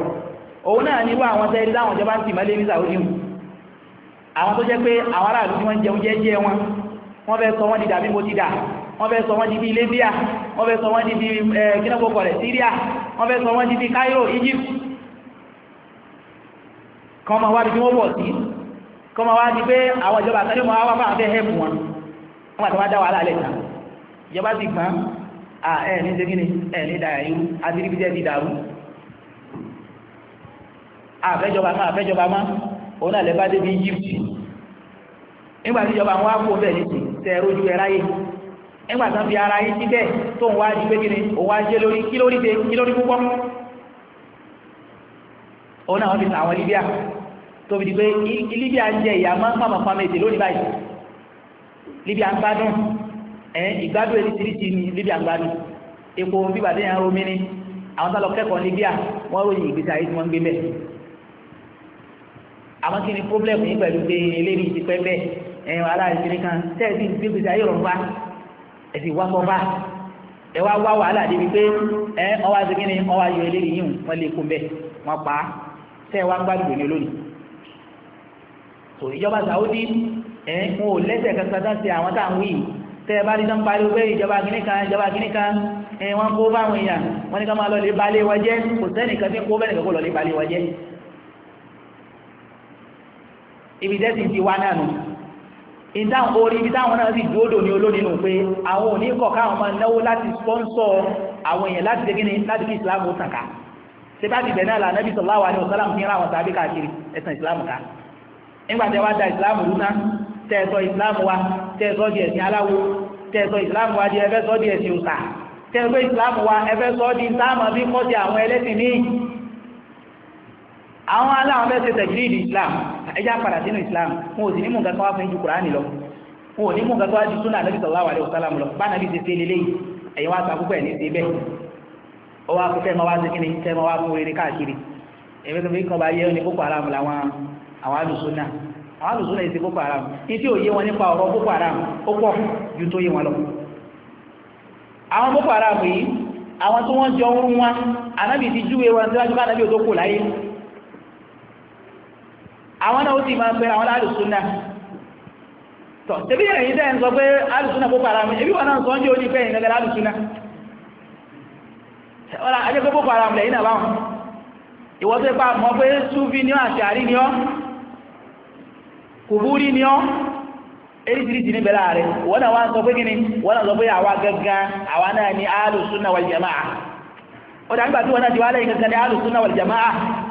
òun náà ní wá àwọn tẹ́rí láwọn jọba ń tì ní sàwọ́dí àwọn tó jẹ́ pé àwọn tí wọ́n jẹun jẹ́jẹ́ wọn wọ́n fẹ́ sọ wọ́n dìdà bí mo ti wọ́n fẹ́ sọ wọ́n di bí Libya wọ́n fẹ́ sọ wọ́n di bí kínákòkò rẹ̀ Syria wọ́n fẹ́ sọ wọ́n di bí Cairo Egypt kan ma wá di bí wọ́n wọ̀ sí kan ma wá di pé àwọn ìjọba àtàlẹ́ mọ́ wá fà fẹ́ hẹ́pù wọn wọ́n àti wá dá wàhálà lẹ́ta ìjọba ti gbọ́n à ẹ̀ ní ṣe gíní ẹ̀ ní dàrá irú àti níbi jẹ́ ti dàrú àfẹ́jọba máa àfẹ́jọba máa òun náà lẹ́bàá débi Egypt nígbà tí ìjọba wọn á kó bẹ́ẹ̀ ní sí tẹ́ rojú ẹ ráyè ẹgbà tán fi ara yìí síbẹ̀ tó ń wá di pé kíni òun wá jẹ́ lórí kí lórí kí lórí púpọ̀ òun náà wọ́n fi sàwọn Libya tó fi di pé Libya ń jẹ ìyá máa ń pàmò pàmò ètè lónìí báyìí Libya ń gbádùn ẹ̀ ìgbádùn eréṣiríṣi ni Libya ń gbádùn epo bíbà tí yẹn ń romi ni àwọn tá lọ kẹ́kọ̀ọ́ Libya wọ́n ròyìn ìgbésí ayé tí wọ́n ń gbé bẹ́ẹ̀ àwọn kí ni pọ́blẹ́mù yìí pẹ̀lú pé eléyìí ti pẹ́ bẹ́ẹ̀ ẹ̀yìn aláìsí nìkan tẹ́ẹ̀sì gbégbèsè ayé rọ̀ wá ẹ̀sì wá sọ́fà ẹ wá wá wàhálà débi pé ẹ ọwọ́ àti kí ni ọwọ́ ayọ̀ eléyìí yìí wọ́n lè kún bẹ́ẹ̀ wọ́n pa á tẹ́ ẹ wá gbàdúgbò ní olónìí tò ìjọba Saudi ẹ ń wò lẹ́sẹ̀ kankan tán sí àwọn táwọn wí tẹ́ ẹ bá rí tán pariwo ìjọba kìíní kan ìjọba kìíní kan ẹ wọ́n kó báwọn èèyàn wọ́n ní ká máa lọ lè balẹ̀ wa jẹ́ kò sẹ́nìkan tí kó bẹ́ẹ̀ kó lọ lè balẹ̀ wa jẹ́ ibi tẹ́sí ti wá náà nù ìdáhùn orí ibi táwọn náà sì dúódò ní olónínú pé àwọn ò ní kọ̀ káwọn máa náwó láti spọ́nsọ̀ àwọn èèyàn láti dégíní láti kí ìsìláàmù ó tàn ká ṣe bá ti bẹ̀ náà lànà bíi sọ̀láwà ní ọ̀sálàm fi ra tàbí káàkiri ẹ̀sìn ìsìláàmù ká di ẹ̀sìn aláwo tẹ́ ẹ sọ ìsìláàmù wa di ẹ fẹ́ sọ di ẹ̀sìn òsà tẹ́ ẹ sọ àwọn aláwọn bẹ́ẹ̀ ṣe tẹ̀jìrìdì islam ẹjá padà sínú islam wọn ò sí nímú nǹkan kan wá fún ìjú kùránì lọ wọn ò nímú nǹkan kan wá di súnà nàbí sallallahu alaihi wasallam lọ bá nàbí ṣe ṣe lélẹ́yìn ẹ̀yìn wá sàkúkú ẹ̀ ní ṣe bẹ́ẹ̀ ó wá kú fẹ́ẹ́ máa wá sí kíni fẹ́ẹ́ máa wá fún eré káàkiri ẹ̀mí tó fi kàn bá yẹ ní boko haram làwọn àwọn alùsúnà àwọn alùsúnà yìí ṣe boko haram ní tí ò yé wọn nípa ọ̀rọ̀ boko haram ó pọ̀ ju tó yé wọn lọ àwọn boko haram yìí àwọn tí wọ́n jọ ń wá anábì ti júwe wọn síwájú bá anábì ò tó kù láyé àwọn náà ó sì máa pẹ́ àwọn alùsùnà tọ̀ tẹ́bí ẹ̀yìn tẹ́ ń sọ pé alùsùnà boko haram ẹbí wọn náà sọ ń jẹ́ oní pẹ́ ìrìnlẹ̀ alùsùnà ọ̀la ajẹ́ pé boko haram lẹ́yìn náà báwọn ìwọ́n tó pa mọ́ pé súfì ní àṣàrí ni ọ́ kùbúrí ni ọ́ eríṣiríṣi ní bẹ̀rẹ̀ rẹ̀ wọ́n náà wá sọ pé kíni wọ́n náà sọ pé àwa gangan àwa náà ni alùsùnà wal ọ̀dà nígbà wọ́n náà ti wá lẹ́yìn gangan ní alùsùnà wal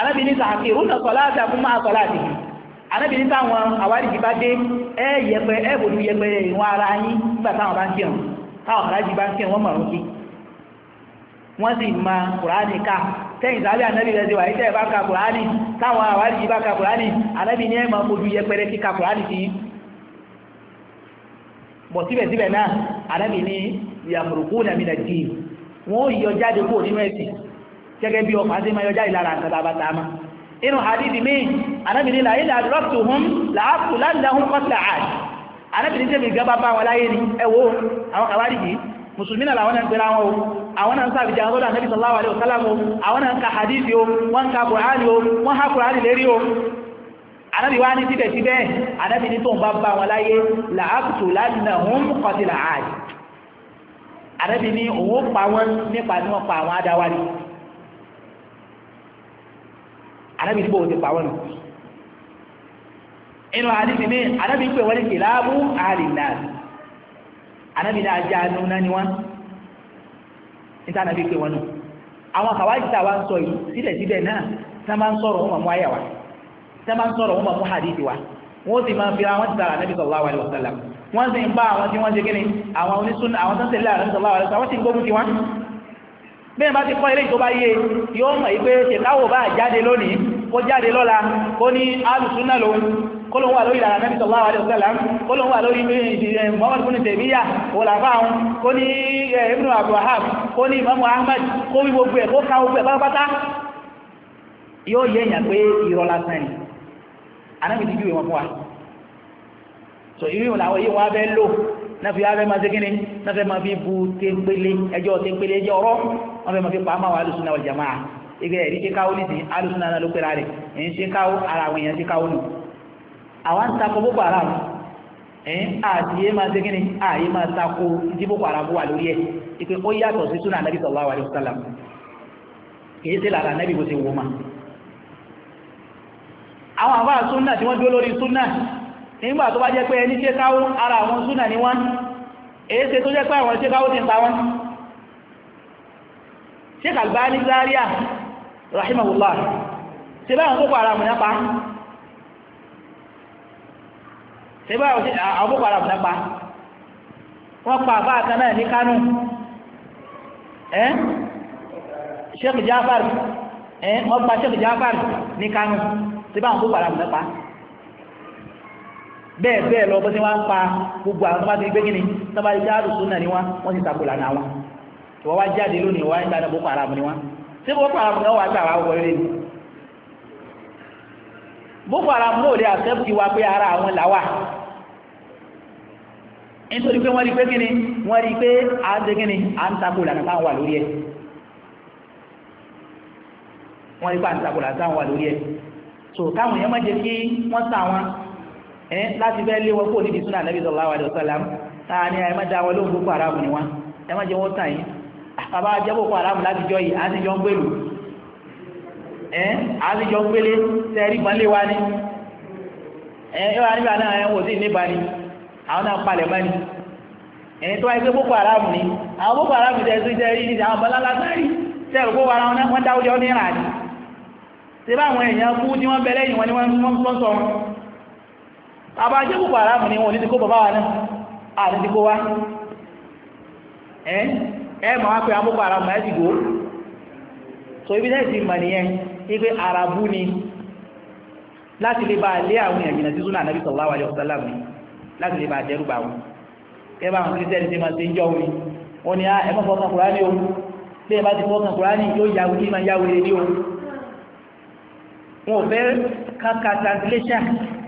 anábì ní sàkè ó nà sọ̀lá àti àkúmọ́ àsọ̀lá àti anábì ní táwọn àwárìjì bá dé ẹ yẹpẹ ẹ bòlú yẹpẹ ìwọ̀n ara yín nígbà táwọn bá ń kírun táwọn àwárìjì bá ń kírun wọ́n mọ̀rún sí wọ́n sì ma kùránì ká tẹ́yìn sábẹ́ anábì rẹ̀ ti wà níta ẹ̀bá ka kùránì táwọn àwárìjì bá ka kùránì anábì ní ẹ̀ máa fojú yẹpẹrẹ kíka kùránì sí bọ̀ síbẹ̀síbẹ̀ náà anábì ní yàmùrùkú gẹ́gẹ́ bí ọkọ̀ àti mayọjá ìlara àtàbàtàmà inú hadithi mi anábìnrin láyé làdúrọ́tù hún làápù láńdáhún kọ́tà àì anábìnrin tẹ́bì gaba bá wọn láyé ní ẹwọ́ àwọn kàwárí yìí musulmi náà làwọn ẹgbẹ̀rẹ̀ àwọn o àwọn náà ń sáàbì jẹ́ àwọn ànábì sallallahu alaihi wasallam o àwọn náà ń ka hadithi o wọ́n ka kùránì o wọ́n ha kùránì lérí o anábì wá ní síbẹ̀síbẹ̀ anábì ní tó òun pa wọn nípa ní wọn pa àwọn adáwárí anábì tí bóun ti pa wọn nù inú àdìsí mi anábì pé wọ́n ní kìláàbù àlìlá anábì náà já nù náà ni wọ́n níta anábì pé wọ́n nù àwọn àkàwájì tá a wá ń sọ yìí síbẹ̀síbẹ̀ náà tí wọ́n máa ń sọ̀rọ̀ wọn mọ̀ àyà wa tí wọ́n máa ń sọ̀rọ̀ wọn mọ̀ àdìsí wa wọ́n sì máa ń fira wọn ti sára anábì sallallahu alaihi wasallam wọ́n sì ń bá àwọn tí wọ́n ṣe kíni àwọn onísùn àwọn tó ń tẹ̀lé àwọn sallallahu alaihi wasallam wọ́n sì ń gbógun ti wọn bẹ́ẹ̀ bá ti kọ́ ilé ìjọba yé yóò mọ̀ ìpé ṣètáwò bá jáde lónìí kó jáde lọ́la kó ní alùsúnà lòun kó lóun wà lórí ìlànà Ànábì sallallahu alaihi wasallam kó lóun wà lórí Muhammad ibn Taymiyyah òlàfà àwọn kó ní eh, Ibn Abdul Wahhab kó ní Imam Ahmad kó wí gbogbo ẹ̀ so irú ìwọ̀n àwọn náà fi afẹ́ máa ṣe kí ni náà fẹ́ máa fi bu tẹ́ńpẹ́lẹ́ ẹjọ́ tẹ́ńpẹ́lẹ́ ẹjọ́ ọ̀rọ̀ wọ́n fẹ́ máa fi pàmò àwọn alùsùn náà wal jamaa ìgbẹ́ ẹ̀rí ṣe káwó nìsín alùsùn náà ló pera rẹ̀ ẹ̀yìn ṣe káwó ara àwọn èèyàn ṣe káwó nù àwọn ń takò boko haram ẹ̀yìn àti yé máa ṣe kí ni àyè máa takò tí boko haram wà lórí ẹ̀ ìpè ó yàtọ̀ sí súnà àwọn àbá súnà tí wọ́n dúró lórí súnà nígbà tó bá jẹ́ pé ẹni ṣe káwó ara àwọn súnà ní wọ́n èéṣe tó jẹ́ pé àwọn ṣe káwó ti ń pa wọ́n ṣe kàgbá ní Zaria rahimahullah ṣe bá àwọn kókò ara mùnà pa ṣe bá àwọn kókò ara mùnà pa wọ́n pa àbá àkan náà ní Kánò ẹ́ Sheikh Jafar ẹ́ wọ́n pa Sheikh Jafar ní Kánò ṣe bá àwọn kókò ara mùnà pa bẹ́ẹ̀ bẹ́ẹ̀ lọ bó ṣe wá ń pa gbogbo àwọn tó ti rí pé kí ni súnà ni wọ́n wọ́n ti takò lànà wọn tó wá jáde lónìí ń boko haram ni wọ́n ṣé boko haram náà wà ni boko haram náà lè ara àwọn làwà nítorí pé wọ́n rí pé wọ́n rí pé à ń à ń táwọn wà lórí wọ́n rí so ẹ eh, láti fẹ́ lé wọn kó níbi súnà nàbí sallallahu alaihi wasallam táà ní ẹ má da wọn lóhùn boko haram ni wọn ẹ má jẹ wọn tàn yín ah, bàbá jẹ boko haram láti jọ yìí àti jọ ń gbèlú ẹ eh, àti jọ ń gbélé tẹrí gbọ́n lé wa ni eh, ẹ ẹ wà nígbà náà ẹ wò sí níbà ni àwọn náà palẹ̀ mọ́ ni ẹ tó wáyé pé boko haram ni àwọn boko haram tẹ sí tẹrí ní àwọn bọ́lá bàbá jẹ́ púpọ̀ aráàmù ni wọn ní ti kó bàbá wa náà àti ti kó wá ẹ mọ̀ wá pé amúkọ̀ aráàmù ẹ̀ ti gbó so ibi náà ti mọ̀ nìyẹn ipe arabu ni láti lè bá lé àwọn èèyàn jìnnà sí súnà ànábì sallallahu alaihi wasallam ni láti lè bá dẹ́rù bá wọn kẹ́ bá àwọn kírísítẹ́nì ti máa ṣe ń jọ omi wọn ni ẹ mọ̀ fọ́ọ̀kan kùránì o bí ẹ bá ti fọ́ọ̀kan kùránì yóò yà wí máa yà wí lé ní o wọn ò fẹ́ káka translation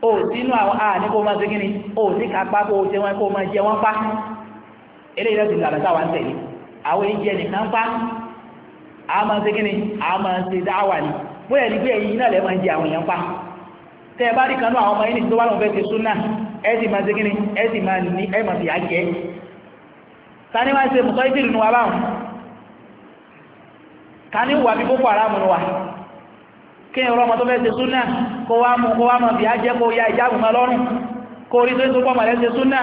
o sínú àní kó máa segin o sì kápá kó o jẹ kó máa jẹ wọn pa eléyìí láti lànà táwa ń tẹ̀lé àwọn ìjẹ nìkan pa a máa segin a máa ṣe dáwà ni bóyá ní pé ẹ̀yin náà lè máa jẹ àwọn èèyàn pa tẹ́ ẹ bá rí kanú àwọn ọmọ yìí tó ẹ sì máa ẹ sì máa ní ẹ máa fi tani kí ẹ̀rọ ọmọ tó fẹ́ ṣe súnà kó wá mú kó wá mọ̀ bí á jẹ́ kó ya ìjáàbù mọ́ lọ́rùn kó rí tó ń tó pọ̀mọ̀ lẹ́sẹ̀ súnà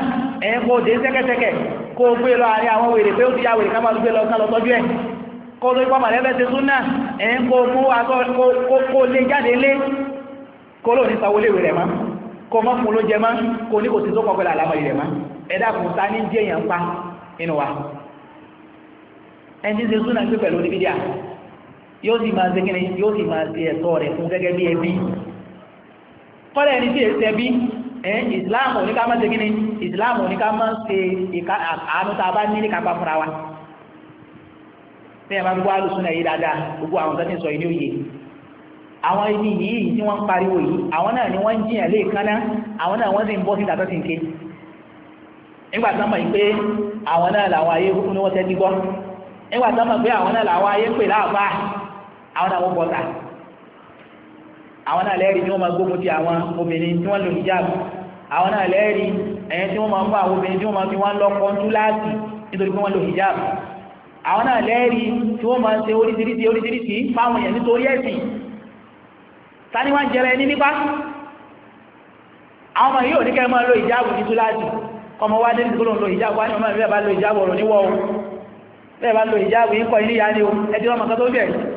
ẹ̀yìn kó dé sẹ́kẹ̀sẹ́kẹ̀ kó gbé lọ àárín àwọn wèrè pé ó ti ya wèrè ká máa gbé lọ ká lọ tọ́jú ẹ̀ kó tó pọ̀mọ̀ lẹ́sẹ̀ súnà ẹ̀yìn kó mú kó lé jáde lé kó lò ní sanwó léwé rẹ̀ mọ́ kó mọ́ fún yóò sì máa ṣe kíni yóò sì máa ṣe ẹ̀tọ́ rẹ̀ fún gẹ́gẹ́ bí ẹbí kọ́lẹ̀ ẹni tí èsẹ̀ bí islam ò ní ká máa ṣe kíni islam máa ṣe àánú tá a bá ní ní kápá fúnra wa bẹ́ẹ̀ máa gbọ́ alùsùn ẹ̀yí dáadáa gbogbo àwọn tó ti sọ yìí ní òye àwọn ibi yìí tí wọ́n ń pariwo yìí àwọn náà ni wọ́n ń jiyàn léèkánná àwọn náà wọ́n sì ń bọ́ síta tó ti ń ké nígbà tí wọ́n mọ̀ yìí pé àwọn náà làwọn ayé ní wọ́n tẹ́ ti gbọ́ nígbà tí wọ́n mọ̀ pé àwọn náà làwọn ayé pè láàbá àwọn náà wọ́n bọ́ta àwọn náà lẹ́rìí ni wọ́n máa gbógun ti àwọn obìnrin tí wọ́n lò ní jáàbù àwọn náà lẹ́rìí ẹ̀yìn tí wọ́n máa ń bá àwọn obìnrin tí wọ́n máa fi wọ́n lọ́kọ́ túláàsì nítorí pé wọ́n lò hijab àwọn náà lẹ́rìí tí wọ́n máa ń ṣe oríṣiríṣi oríṣiríṣi fáwọn èèyàn nítorí ẹ̀sìn tani wọ́n jẹrẹ ní nípa àwọn ọmọ yìí ò ní kẹ́ máa lo hijab ní túláàsì kọmọ wá dé ní gbólóhùn lo hijab wá ní ọmọ ìbẹ́ bá lo hijab ọ̀rọ̀ níwọ̀ o bẹ́ẹ̀ bá lo hijab yìí kọ́ ilé ìyá ni o ẹ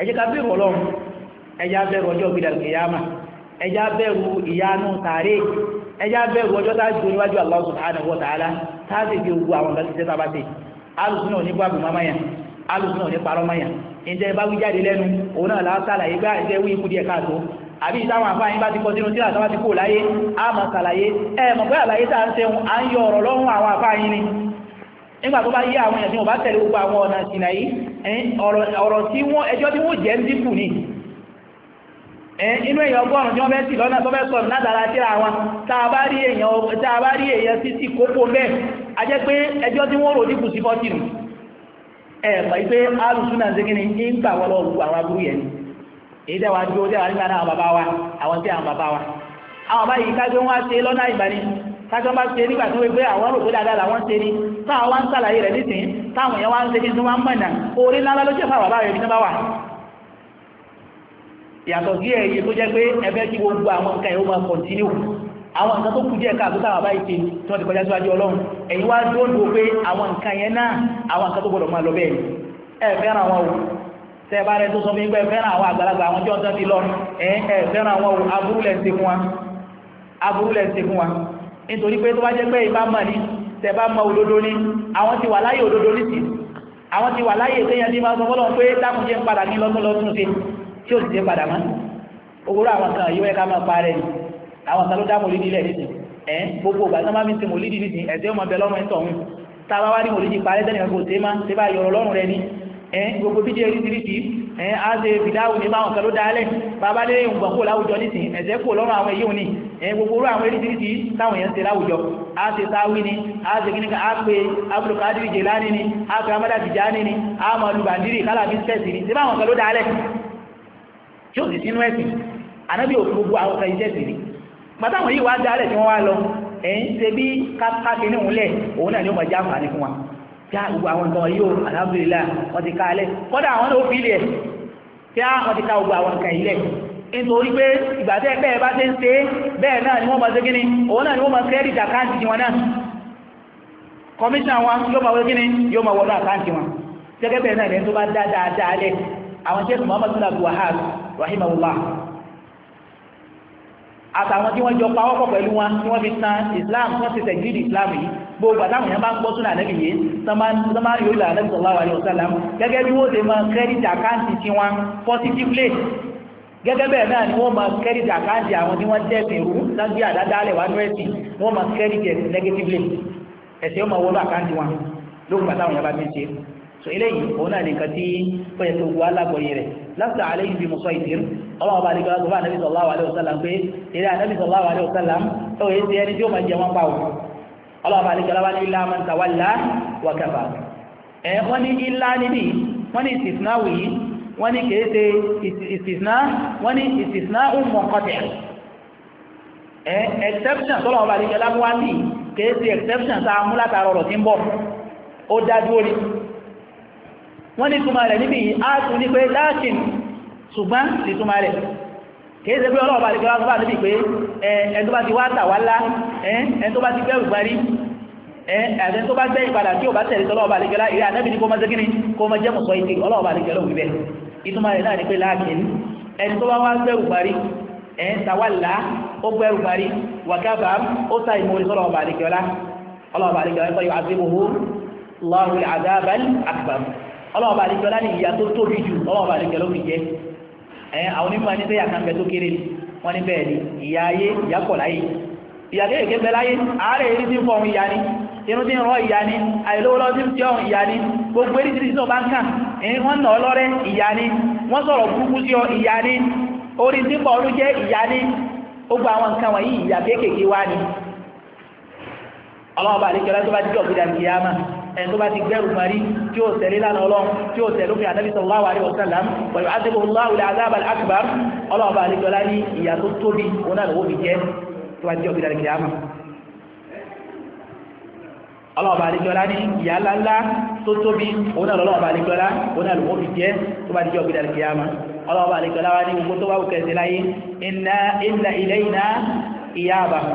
ẹ jẹ́ ká bẹ̀rù ọlọ́run ẹ jẹ́ á bẹ̀rù ọjọ́ gbídàlù kìyàmà ẹ jẹ́ á bẹ̀rù ìyanu tààrí ẹ jẹ́ á bẹ̀rù ọjọ́ tá a jù níwájú Allah subhanahu wa ta'ala tá a sì fi ogun àwọn ọ̀gá títẹ́ tá a bá ti alùsùn náà ní bábù máma yàn alùsùn náà ní parọ́ máa yàn ǹjẹ́ bá wí jáde lẹ́nu òun náà lásàlà ìgbà ìjẹ́ ah, wí àbí ìtàwọn àfáàyín bá ti kọ sínú sílà táwọn ti kú láyé á máa sàlàyé àlàyé tá ń sẹ́wọ̀n à ń yọ ọ̀rọ̀ lọ́rùn àwọn àfáàyín ni nígbà tó bá yí àwọn èèyàn tí wọ́n bá tẹ̀lé gbogbo àwọn ọ̀nà ìsìnà yìí ọ̀rọ̀ tí wọ́n ẹjọ́ tí wọ́n jẹ́ ń dínkù inú èèyàn ọgọ́rùn tí wọ́n bẹ́ sì lọ́nà tó bẹ́ sọ̀rọ̀ látara tá a bá rí èèyàn sí sí kókó bẹ́ẹ̀ a jẹ́ pé ẹjọ́ tí wọ́n rò dínkù sí fọ́tìnù ẹ̀ẹ̀pà ipé alùsùnà zikini kájọ́ bá ṣe nígbà tí wọ́n gbé àwọn òkú dáadáa làwọn ṣe ní táwọn wá ń sàlàyé rẹ̀ nísìn táwọn èèyàn wá ń ṣe kí n tó wá ń mọ̀nà orí ńlá ló jẹ́ fáwọn àbáwẹ̀ ìbínú bá wà yàtọ̀ sí ẹ̀yẹ tó jẹ́ pé ẹgbẹ́ kí gbogbo àwọn nǹkan ẹ̀ ó máa kọ̀ntínú àwọn nǹkan tó kù díẹ̀ káàkó táwọn àbá ìṣe tí wọ́n ti kọjá síwájú ọlọ́run ẹ̀yin wá dúró dúró pé àwọn nǹkan yẹn náà àwọn nǹkan tó gbọdọ̀ máa lọ bẹ́ẹ̀ ẹ fẹ́ràn àwọn òun tẹ́ bá rẹ tó sọ fún yín pé fẹ́ràn àwọn àgbàlagbà àwọn jọ́ńtọ́ ti lọ ẹ fẹ́ràn àwọn òun aburú lẹ́ fún wa aburú lẹ́ fún wa nítorí pé tó bá jẹ́ pé ìbá mọ̀ ní tẹ̀bá mọ̀ òdodo ní àwọn ti wà láyé òdodo ní sí àwọn ti wà láyé ìtẹ́yàn ní máa sọmọ́lọ́ pé dákùn jẹ́ padà ní lọ́túnlọ́tún sí tí ó sì jẹ́ padà mọ́ ogoro àwọn kan yóò ẹka máa pa rẹ̀ ní àwọn kan ló dá ẹ̀ á ṣe fìdáwù ní báwọn kan ló dálẹ̀ bàbá lé ìgbọ̀n kò láwùjọ nísìnyí ẹ̀sẹ̀ kò lọ́rùn àwọn èyí òní ẹ̀ gbogbo orú àwọn eréjìrìjì táwọn èèyàn ṣe láwùjọ á ṣe sáwí ni á ṣe kí ní ká á pe abdulkadir jelani ni á pe amada tijani ni á mọ lubandiri kálábí sẹ́ẹ̀sì ni ṣé báwọn kan ló dálẹ̀ tí ó sì sínú ẹ̀sìn ànábì òfin gbogbo àwọn kan iṣẹ́ sì ni pàtàkùn yìí wá dálẹ̀ tí wọ́n wá lọ ẹ̀ ń ṣe bí kákàkiri níhùn lẹ̀ òun náà ni ó tí a gbogbo àwọn nǹkan yóò alhamdulillah wọ́n ti ká alẹ́ kọ́dà àwọn ló fi ilẹ̀ tí a wọ́n ti ká gbogbo àwọn nǹkan ilẹ̀ nítorí pé ìgbà tẹ́ bẹ́ẹ̀ bá ṣe ń ṣe bẹ́ẹ̀ náà ni wọ́n máa ṣe kíni òun náà ni wọ́n máa credit àkáǹtì wọn náà commission wọn yóò máa wé kíni yóò máa wọnú àkáǹtì wọn gẹ́gẹ́ bẹ́ẹ̀ náà ni tó bá dá dáadáa lẹ̀ àwọn jẹ́ sùmọ́mọ́sùn àbúwàhálù rahimahullah àtàwọn tí wọ́n jọ pawọ́pọ̀ pẹ̀lú wọn tí wọ́n fi tan islam tí wọ́n ti tẹ̀jìdì islam yìí gbogbo àtàwọn èèyàn bá ń gbọ́ súnà ànábì yìí sọmárì orílẹ̀ ànábì sallallahu alaihi wasallam gẹ́gẹ́ bí wọ́n ṣe máa kẹ́rìtì àkáǹtì tí wọ́n positively gẹ́gẹ́ bẹ́ẹ̀ náà ni wọ́n máa kẹ́rìtì àkáǹtì àwọn tí wọ́n jẹ́sìn rú lágbé àdádálẹ̀ wá nírẹ́sì wọ́n máa kẹ́rìtì negatively ẹ̀sẹ̀ ó máa wọlé àkáǹtì wọn lókùn àtàwọn èèyàn so eléyìí òun náà nìkan tí ó yẹ lasta alayhim bi musaytir ọlọ́wọ́ bá nígbà tó bá nàbí sallallahu alayhi wa sallam pé eré ànábì sallallahu alayhi wa sallam tó yẹ ti ẹni tí ó máa jẹ wọn pa òun ọlọ́wọ́ bá nígbà wá ní ilá man tawalla wa kafa ẹ wọ́n ní ilá níbi wọ́n ní ìsìsná wìí wọ́n ní kéèsè ìsìsná wọ́n ní ìsìsná mọ̀kọ́tẹ̀ ẹ exception tọ́lọ́wọ́ bá nígbà wá ní kéèsè exception tá a mú látara ọ̀rọ̀ wọ́n ní túnmà rẹ̀ níbi ààtù ní pé láàkín ṣùgbọ́n sí túnmà rẹ̀ kìí ṣe pé ọlọ́ọ̀bá lè gbọ́nà bá níbi pé ẹn tó bá ti wá tàwà lá ẹn tó bá ti gbẹ́rù gbárí ẹn tó bá gbẹ́ ìpadà tí ò bá tẹ̀lé tọ́lọ́ọ̀bá lè gẹ́lá ìrẹ́ bá wá gbẹ́rù gbárí ẹn tàwà lá ó gbẹ́rù gbárí ọlọ́wọ́ bá àdíjọ́lá ní ìyà tó tóbi jù ọlọ́wọ́ bá àdíjọ́ ló fi jẹ́ ẹ̀ àwọn onímọ̀ ní sẹ́yà kan bẹ tó kéré wọ́n ní bẹ́ẹ̀ ni ìyà ayé ìyà pọ̀ láyé ìyà tó èké bẹ láyé àárẹ̀ èrí tí ń fọ̀hún ìyà ni inú tí ń rọ ìyà ni àìlówó lọ́sí tí ọ̀hún ìyà ni gbogbo èrí tí náà bá ń kàn ẹ̀yìn wọ́n nà ọlọ́rẹ́ ìyà ni wọ́n sọ̀rọ̀ burúkú sí ọ ìyà ni orí tí pọ̀ ọdún ẹni tó bá ti gbẹ́rù parí tí ó tẹ̀lé lánà ọlọ́run tí ó tẹ̀lé òfin ànábì sallallahu alaihi wasallam pẹ̀lú adébòhùnláwò aláàbà akbar ọlọ́ọ̀bà àlejòlá ní ìyà tó tóbi òun náà lówó fi jẹ́ tó bá jẹ́ òbí dàrí kìyàmà ọlọ́ọ̀bà àlejòlá ní ìyà ńláńlá tó tóbi òun náà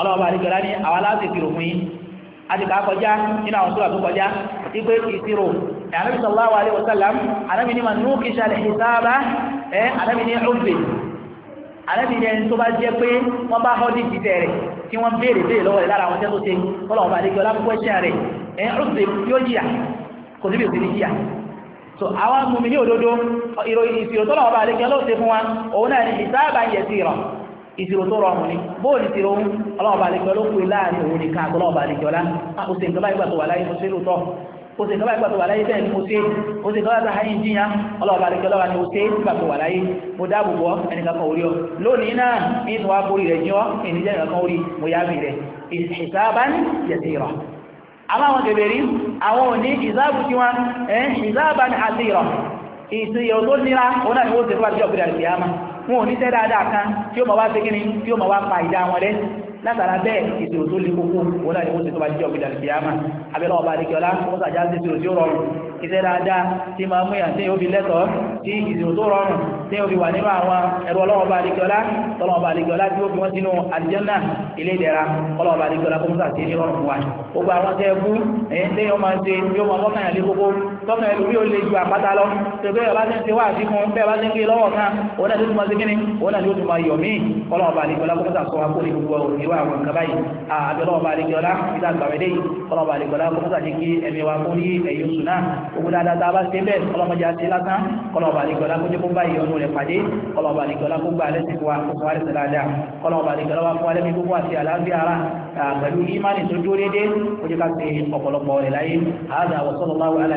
ọlọ́ọ̀bá àdìgbẹ́lá ní àwọn aláṣẹ ìṣirò fún yín àti kàá kọjá nínú àwọn sóra tó kọjá ipé ìṣirò Ànábì sallallahu alaihi wasallam Ànábì ní mànú kí ṣàlẹ̀ ìsáàbá ẹ́ Ànábì ní ọ̀gbẹ̀ Ànábì ní ẹni tó bá jẹ́ pé wọ́n bá họ́ ní ìdíjẹ́ rẹ̀ tí wọ́n béèrè béèrè lọ́wọ́ lára àwọn tẹ́tó ṣe ọlọ́ọ̀bá àdìgbẹ́lá fún ẹ̀ṣẹ̀ rẹ̀ ní so àwọn mùmínì òdodo ìròyìn ìṣirò tọ́lọ̀ ọba àlekẹ́ ló ṣe fún wa òun ìṣirò tó rọrùn ni bóòlì ti rohun ọlọ́ọ̀bà àlejò ló pè láàrin òun nìkan àtọ́lọ́ọ̀bà àlejò ọlá ó sì nǹkan báyìí gbà tó wà láyé mo ṣe lóòótọ́ ó sì nǹkan báyìí gbà tó wà láyé bẹ́ẹ̀ ni mo ṣe ó sì nǹkan báyìí gbà tó jiyàn ọlọ́ọ̀bà àlejò ọlọ́wà ni mo ṣe gbà tó wà láyé mo dáàbò bọ́ ẹnìkan kan orí ọ lónìí náà ní ìtàn wọn ò ní tẹ́ dáadáa kan tí ó ma wá ṣe kíni tí ó ma wá pa ìdá wọn rẹ látara bẹ́ẹ̀ ìṣòro tó lé kókó wọn náà ni wọ́n ti tó bá jíjọ́ gbìdà lùkìyà mà abẹ́rẹ́ ọba àdìkíọ́lá wọ́n sàjá sí ìṣòro tí ó rọrùn iṣẹ́ dáadáa tí máa mú yàn tí ó fi lẹ́tọ̀ọ́ tí ìṣòro tó rọrùn tí ó fi wà nínú àwọn ẹ̀rọ ọlọ́wọ́ba àdìkíọ́lá tọ́lọ́wọ́ba àdìkíọ́lá tí ó fi wọ́n sínú àlùjánnà tọ́mọ ẹlòmí ò lè ju àpáta lọ tó bẹ́ẹ̀ bá ti ń ṣe wá àti fún bẹ́ẹ̀ bá ti ń gbé lọ́wọ́ kan òun náà ló ti máa ṣe kíni òun náà ló ti máa yọ̀ mí ọlọ́wọ́ bá àlejò lákòókòtà sọ wákò ní gbogbo ìwà àwọn nǹkan báyìí àbẹ̀ ọlọ́wọ́ bá àlejò ọlá ìdá àgbàwẹ̀ dé ọlọ́wọ́ bá àlejò lákòókòtà ní kí ẹ̀mí wa kó ní ẹ̀yìn oṣù náà ogun dáadáa tá a bá ṣe bẹ́ẹ̀ ọlọ́mọdé àti lásán ọlọ́wọ́ bá àlejò lákòókò kó bá ìyọnu rẹ̀ pàdé ọlọ́wọ́ bá àlejò lákòókò gbà lẹ́sìn wa kó wá lẹ́sìn dáadáa ọlọ́wọ́ bá àlejò lákòókò wá lẹ́mí gbogbo àti àlàáfíà ara pẹ̀lú ìmánì tó dúró déédéé ó jẹ́ ká ṣe ọ̀pọ̀lọpọ̀ rẹ̀ láyé àádọ́ àwọn sọ́lọ́láwọ́ alá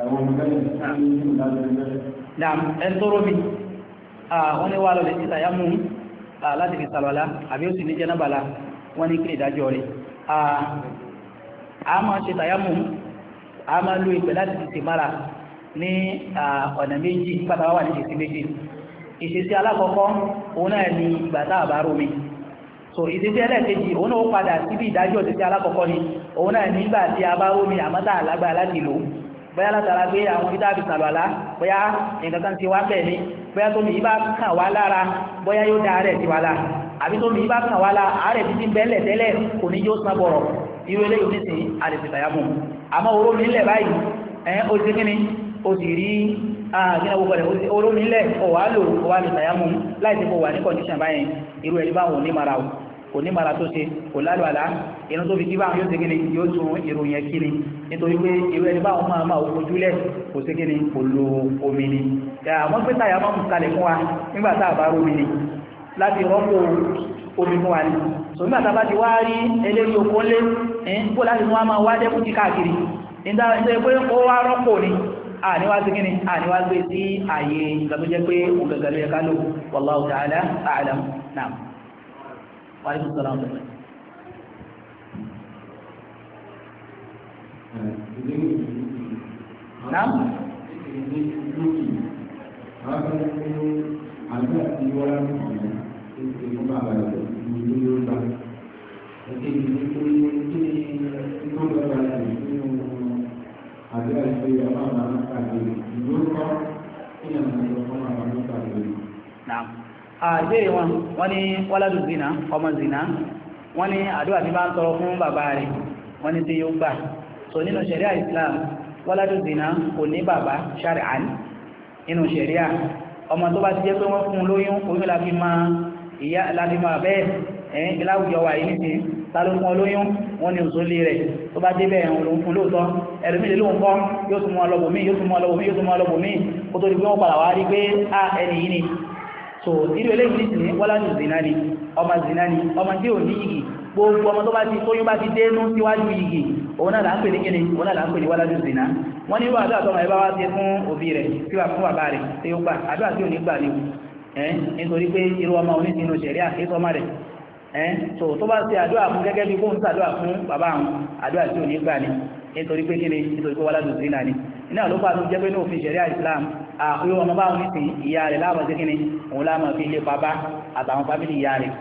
àwọn ìgbẹ́yìn tí ó dájú ẹgbẹ́. Dàm, ẹ tóró mi, wọ́n ní wà lọ lè títà yá mú láti fi sàlọ́lá, àbí ó sì ní jẹ́nàbàlá, wọ́n ní kí ìdájọ́ rẹ̀. A ti mára ní ọ̀nà méjì pátá wà ní ìṣesí méjì. Ìṣesí alákọ̀ọ́kọ́, òun náà ni ìgbà tá àbárò mi so ìdíjẹ́ ẹlẹ́ẹ̀kejì òun náà ó padà síbi ìdájọ́ ìdíjẹ́ alákọ̀ọ́kọ́ ni òun náà nígbà tí a bóyá látara pé àwọn ibi táàbì sàlọ̀lá bóyá nǹkan kan ti wá bẹ̀ ni bóyá tómi yìí bá kàn wá lára bóyá yóò da àárẹ̀ ti wá la àbí tómi yìí bá kàn wá la àárẹ̀ ti ti bẹ́lẹ̀ tẹ́lẹ̀ kò ní yóò san bọ̀rọ̀ irú eléyìí onísìn àdèsì tàyàmù àmọ́ oró mi nílẹ̀ báyìí ẹ̀ ó ti kíni ó sì rí ààrin àwọn ọgbọ̀rẹ̀ oró mi nílẹ̀ ọ̀wá lò ọwá mi tàyàmù láì kò ní mara tó ṣe kò lálù àlá inú tó fi kí báwọn yóò ṣe kíni yóò tún irun yẹn kíni nítorí pé irú ẹni báwọn máa máa ojú lẹ̀ kò ṣe kíni kò lo omi ni àwọn pé táyà máa ń kalẹ̀ fún wa nígbà tá a bá rómi ni láti rọ́pò omi fún wa ni so nígbà tá a bá ti wá rí eléyìí okó lé ń kó láti mú wa máa wá dẹ́kun ti káàkiri nígbà tó yẹ pé ó wá rọ́pò ni àníwá sí kíni àníwá gbé sí àyè ìgbà pé òun gàgàlú ká lò wallahu ta'ala a'lam naam وعليكم السلام نعم نعم àgbé ah, wọn wọ́n ní wọ́ládù zina ọmọ zina wọ́n ní àdúrà tí bá ń tọrọ fún bàbá rẹ̀ wọ́n ní tí yóò gbà so nínú ṣẹ̀ríà islam wọ́ládù zina kò ní bàbá ṣàrìán nínú ṣẹ̀ríà ọmọ tó bá ti jẹ́ pé wọ́n fún lóyún oyún láti ma ìyá láti ma bẹ́ẹ̀ ẹ̀yìn láwùjọ wà yìí nìsín tálókún olóyún wọ́n ní òṣòlì rẹ̀ tó bá débẹ̀ ẹ̀hùn ló ń fún lóòtọ́ ẹ̀rùmílẹ̀ ló ń kọ́ yóò tún mọ́ ọlọ́bùnmí yóò tún mọ́ ọlọ́bùnmí yóò tún mọ́ ọlọ́bùnmí kó tó di pé wọ́n padà wá rí pé a ah, ẹni yìí ni so irú eléyìí sì ní wọ́lá ní zina ni ọmọ zina ni ọmọ tí ò ní igi gbogbo ọmọ tó bá ti tóyún bá ti dénú síwájú igi òun náà là ń pè ní kíni òun náà là ń pè ní wọ́lá ní zina wọ́n ní irú àdúrà tọmọ ẹ bá wá sí fún òbí rẹ̀ tí wà fún bàbá rẹ̀ tí ó gbà àdúrà tí ò ní gbà ni ẹ́ nítorí pé irú ọmọ oníṣinú ṣẹ̀rí àkétọ́mọ rẹ̀ ẹ́ so tó bá ṣe àdúrà fún gẹ́gẹ́ bí kóhun ṣàdúrà fún bàbá àwọn àdúrà tí ò ní gbà ni nítorí pé kíni nítorí pé wọ́lá ní zina ni iná ló fà tó jẹ́ pé àpé ọmọ bá wọn ti ìyá rẹ̀ láàmà sí kíni òun láàmà fi lé pabá àtàwọn fámìlì ìyá rẹ̀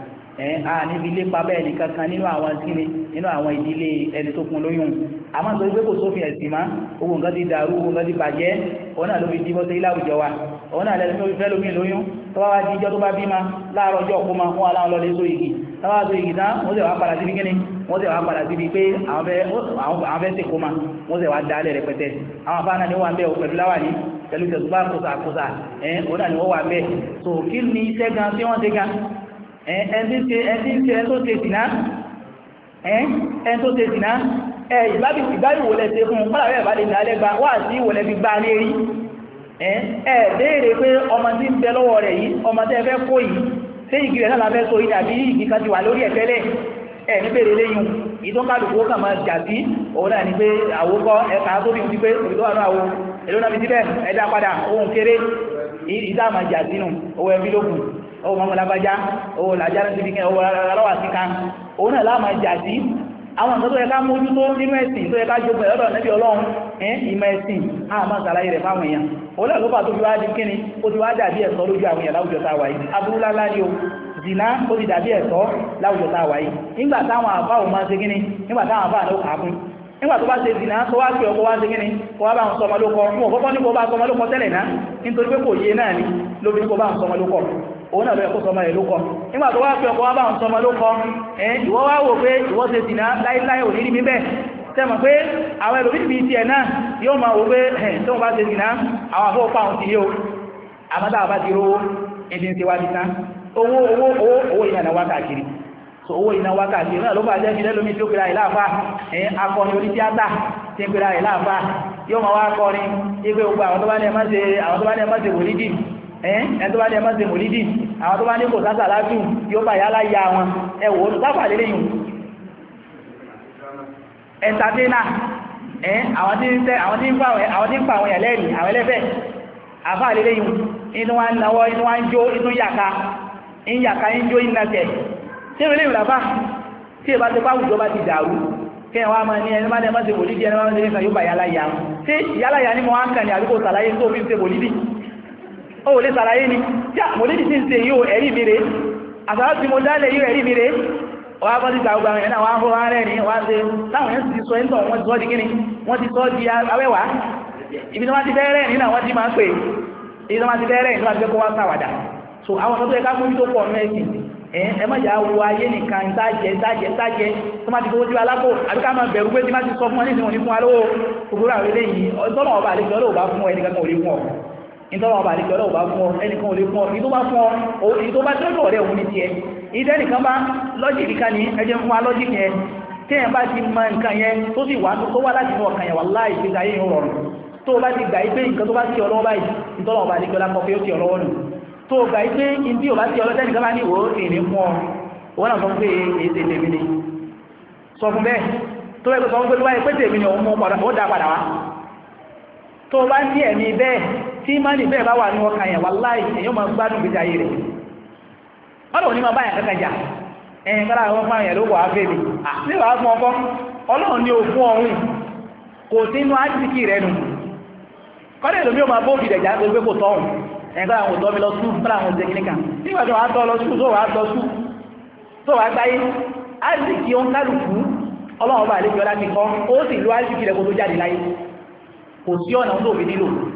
ẹ̀ á níbi lé pabá ẹnì kankan nínú àwọn kíni nínú àwọn ìdílé ẹni tó kún lóyún àmọ́ nítorí pé kò sófin ẹ̀sìn má owó nǹkan ti dàrú owó nǹkan ti bàjẹ́ òun náà ló fi díbọ́ sí ilé àwùjọ wa òun náà lẹ́nu tó fi fẹ́ lómi lóyún tó bá wá di ijọ́ tó bá bí ma láàárọ̀ ọjọ́ ọ̀pọ̀ ma wọn aláwọn lọ lé sóyè táwa tó yìí tán wọ́n sì wá padà síbi kíni wọ́n sì wá padà síbi pé àwọn fẹ́ ṣe kó ma wọ́n sì wá dá lẹ̀ rẹpẹtẹ àwọn afáàná ni wọ́n wà bẹ́ẹ̀ pẹ̀lú láwàní pẹ̀lú tẹ̀sùbá kòsàkòsà ẹ̀ òun náà ni wọ́n wà bẹ́ẹ̀ so kí ni iṣẹ́ gan tí wọ́n ṣe gan ẹ̀ tó ṣe sìná ẹ̀ tó ṣe sìná ẹ̀ ìbáyìí wọlé ṣe fún un kọ́lá bẹ́ẹ̀ bá lè dá ṣé igi rẹ̀ náà la fẹ́ so yìí àbí igi kan ti wà lórí ẹ̀ tẹ́lẹ̀ ẹ̀ ní bèrè léyìn èyí tó ń kálukú ó kàn máa jà sí òun náà ni pé àwòkọ́ ẹ̀ka tó bí ti pé òbí wà náà wo èló náà fi síbẹ̀ ẹ̀dá padà ohun kéré ìdá máa jà sínú owó ẹbí lókun owó mọ́mọ́lábájá owó làjá lọ́wọ́ sí kan òun náà láà máa jà sí àwọn nǹkan tó yẹ ká mójú tó nínú ẹ̀sìn tó yẹ ká jogun ẹ̀rọ nẹ́bí ọlọ́run ẹ̀ ìmọ̀ ẹ̀sìn àmọ́ ṣàlàyé rẹ̀ fáwọn èèyàn òun náà ló fà tó fi wá kíni ó ti wá dàbí ẹ̀sọ́ lójú àwọn èèyàn láwùjọ tá yìí aburú lálá ni o zìnà ó ti dàbí ẹ̀sọ́ láwùjọ tá a wà yìí nígbà táwọn àbá ò máa ṣe kíni nígbà táwọn àbá ló kà á fún nígbà tó bá ṣe zìnà tó wá pé ọkọ̀ wá ṣe kíni kó wá bá ń sọmọlókọ mú ọ̀kọ́kọ́ ní kó bá sọmọlókọ tẹ́lẹ̀ náà nítorí pé kò yé náà ni lóbi ní bá ń sọmọlókọ òun náà lọ́yẹ̀ kó sọmọ rẹ̀ ló kọ nígbà tó wá pé ọkọ̀ wá bá ń sọmọ ló kọ ìwọ wá wò pé ìwọ ṣe dìnà láíláí ò ní rí mi bẹ́ẹ̀ tẹ́mọ̀ pé àwọn ẹlòmí ti ti ẹ̀ náà yóò máa wò pé tó bá ṣe dìnà o àmọ́tà àbá ti so owó iná wákàtí náà ló bá jẹ́ kí lẹ́lómi tí ó pèrà ìláàfà ẹ̀yìn akọni orí tíátà tí ń pèrà ìláàfà yóò máa wá kọrin ipé ogun àwọn tó bá ní ẹmọ́ ṣe wòlídì ẹn tó bá ní ẹmọ́ ṣe mòlídì àwọn tó bá ní kò sásà látù yóò bá yálà ya wọn ẹwọ olùsáfà lélẹ́yìn ẹ̀ntàtínà ẹn àwọn tí ń pa àwọn ẹ̀lẹ́rìn àwọn ẹlẹ́fẹ́ àfà lélẹ́yìn inú wa ń nawọ́ inú wa ń jó inú yàka ń yàka ń jó iná tẹ̀ tí ó lẹ́yìn làfà tí ìbá ti pàwùjọ bá ti dàrú kẹ́yìn wá máa ní ẹni máa ní ẹmọ́ ṣe mòlídì ẹni máa ní ẹmọ́ ṣe yóò bá yálà ya wọn tí yálà ya ní mọ́ wá ń kàn ní àdúgbò sàlàyé tó fi ń se mòlídì ó wò lè sàlàyé ni tí mo lè sì ń ṣe yóò ẹ̀rí mi rẹ̀ àtàwọn tí mo dálẹ̀ yóò ẹ̀rí mi rẹ̀ wọ́n á bọ́ sí ìtàgbà ẹ̀yẹn náà wọ́n á hó wá rẹ̀ ní wọ́n ṣe láwọn yẹn ti sọ ẹ̀ ń tọ̀ wọ́n ti sọ di kíni wọ́n ti sọ di awẹ́wà ibi tí wọ́n ti bẹ́ẹ̀rẹ̀ nínú àwọn tí máa ń pè ibi tí wọ́n ti bẹ́ẹ̀rẹ̀ nínú àti kó wá sàwàdà so àwọn ọ̀sán tó yẹ ká mú tó pọ̀ nínú ẹ̀sìn ẹ má jà wo ayé nìkan ìtajẹ ìtajẹ ìtajẹ tó má ti fowó sí wa lápò àbí ká máa bẹ̀rù pé tí má ti sọ fún wa nísìnyí wọn ní fún wa lówó òwúrọ̀ àwọn eléyìí ọ̀sán ọ̀bà àlejò ọlọ́ọ̀bá fún ẹnìkan kan ò lè fún ọ ìtọ́wọ̀ ọba àríkẹ́ ọlọ́wọ̀ bá fún ọ ẹnìkan ò fún ọ ìtọ́ bá fún ọ ìtọ́ bá tẹ́lú ọ̀rẹ́ òun ní ti ẹ ìdẹ́ bá lọ́jìkì ní ẹjẹ́ fún wa lọ́jìkì yẹn tí ẹ̀ bá ti ma nǹkan yẹn tó sì wà tó wá láti fún ọkàn yẹn wà láì tí ìmánì bẹ́ẹ̀ bá wà ní ọkàn yẹn wàláì èyàn máa gbádùn gbèjà yìí rẹ̀ ọlọ́run ní máa báyà kankan jà ẹ̀yìn kára àwọn ọmọ yẹn ló wà á fẹ́ mi fún ọkọ ọlọ́run ní òfún ọ̀hún kò sí inú rẹ̀ nù kọ́lẹ̀ lómi ó máa bó fi dẹ̀jà kò tọ́hùn ẹ̀yìn kára àwọn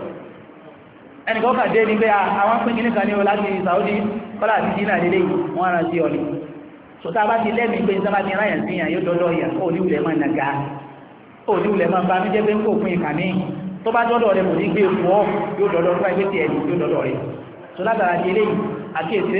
ẹnìkan kà dé ní pé àwọn pín kìíní kan ní o láti Saudi kọ́lá àti jìnnà lélẹ́ yìí wọ́n rán sí ọ̀nì sọ́tà bá ti lẹ́mìí pé sábà ti ráyàn sí yàn yóò dọ́dọ̀ yà ó ní wùlẹ̀ máa nàgà ó ní wùlẹ̀ máa bá mi jẹ́ pé ń kò pín ìkà míì tó bá dọ́dọ̀ rẹ kò ní gbé fún ọ yóò dọ́dọ̀ fún ẹgbẹ́ tiẹ̀ yóò dọ́dọ̀ rẹ sọ́tà tàrà ti eléyìí àkíyèsí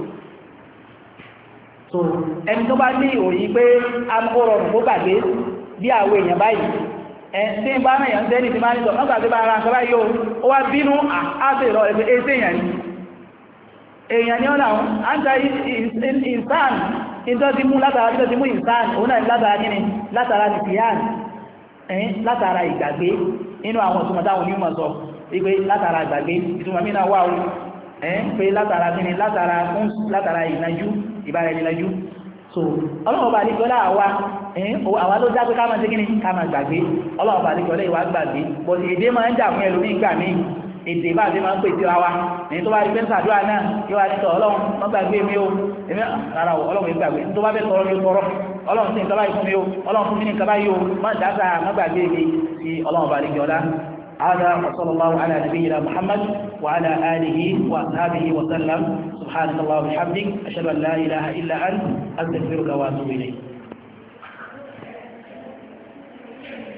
so ẹni tó bá ní òyìn pé amúkóró ọ̀rùn kó gbàgbé bí àwọn èèyàn báyìí ẹ̀sìn bá náà yàn tẹ́lì tí máa ní sọ ọgbà tí bá ara nǹkan báyìí ó wá bínú àbẹ̀rọ ẹgbẹ̀ ẹsẹ̀ èèyàn ni èèyàn ni ọ̀nà àǹtà ìsàn ìtọ́ ti mú látara títọ́ ti mú ìsàn òun náà látara nínú látara ní fìyàn ẹ̀yìn látara ìgbàgbé nínú àwọn ìtumọ̀ táwọn onímọ̀ sọ wípé látara ìgbàgbé ìtumọ̀ mí náà wà ó ẹ̀yìn pé látara kí ni látara ìnajú ìbára ẹni lẹ́jú so ọlọ́ọ̀bà àdìgbọ́lá àwa àwa ló dá pé ká máa ṣe kíni ká máa gbàgbé ọlọ́ọ̀bà àdìgbọ́lá ìwà gbàgbé but èdè máa ń jà fún ẹlòmíì gbà míì èdè bá àti máa ń pèsè wa ní tó bá rí pé ń sàdúrà náà yóò wá ní tọ ọlọ́run wọ́n gbàgbé mi o èmi rárá o ọlọ́run yóò gbàgbé tó bá fẹ́ tọrọ ní tọrọ ọlọ́run sí nǹkan báyìí fún mi o ọlọ́run fún mi ní nǹkan báyìí o má dáta má gbàgbé mi sí ọlọ́run bá rí jọlá هذا وصلى الله على نبينا محمد وعلى آله وأصحابه وسلم سبحانك اللهم وبحمدك أشهد أن لا إله إلا أنت أستغفرك وأتوب إليك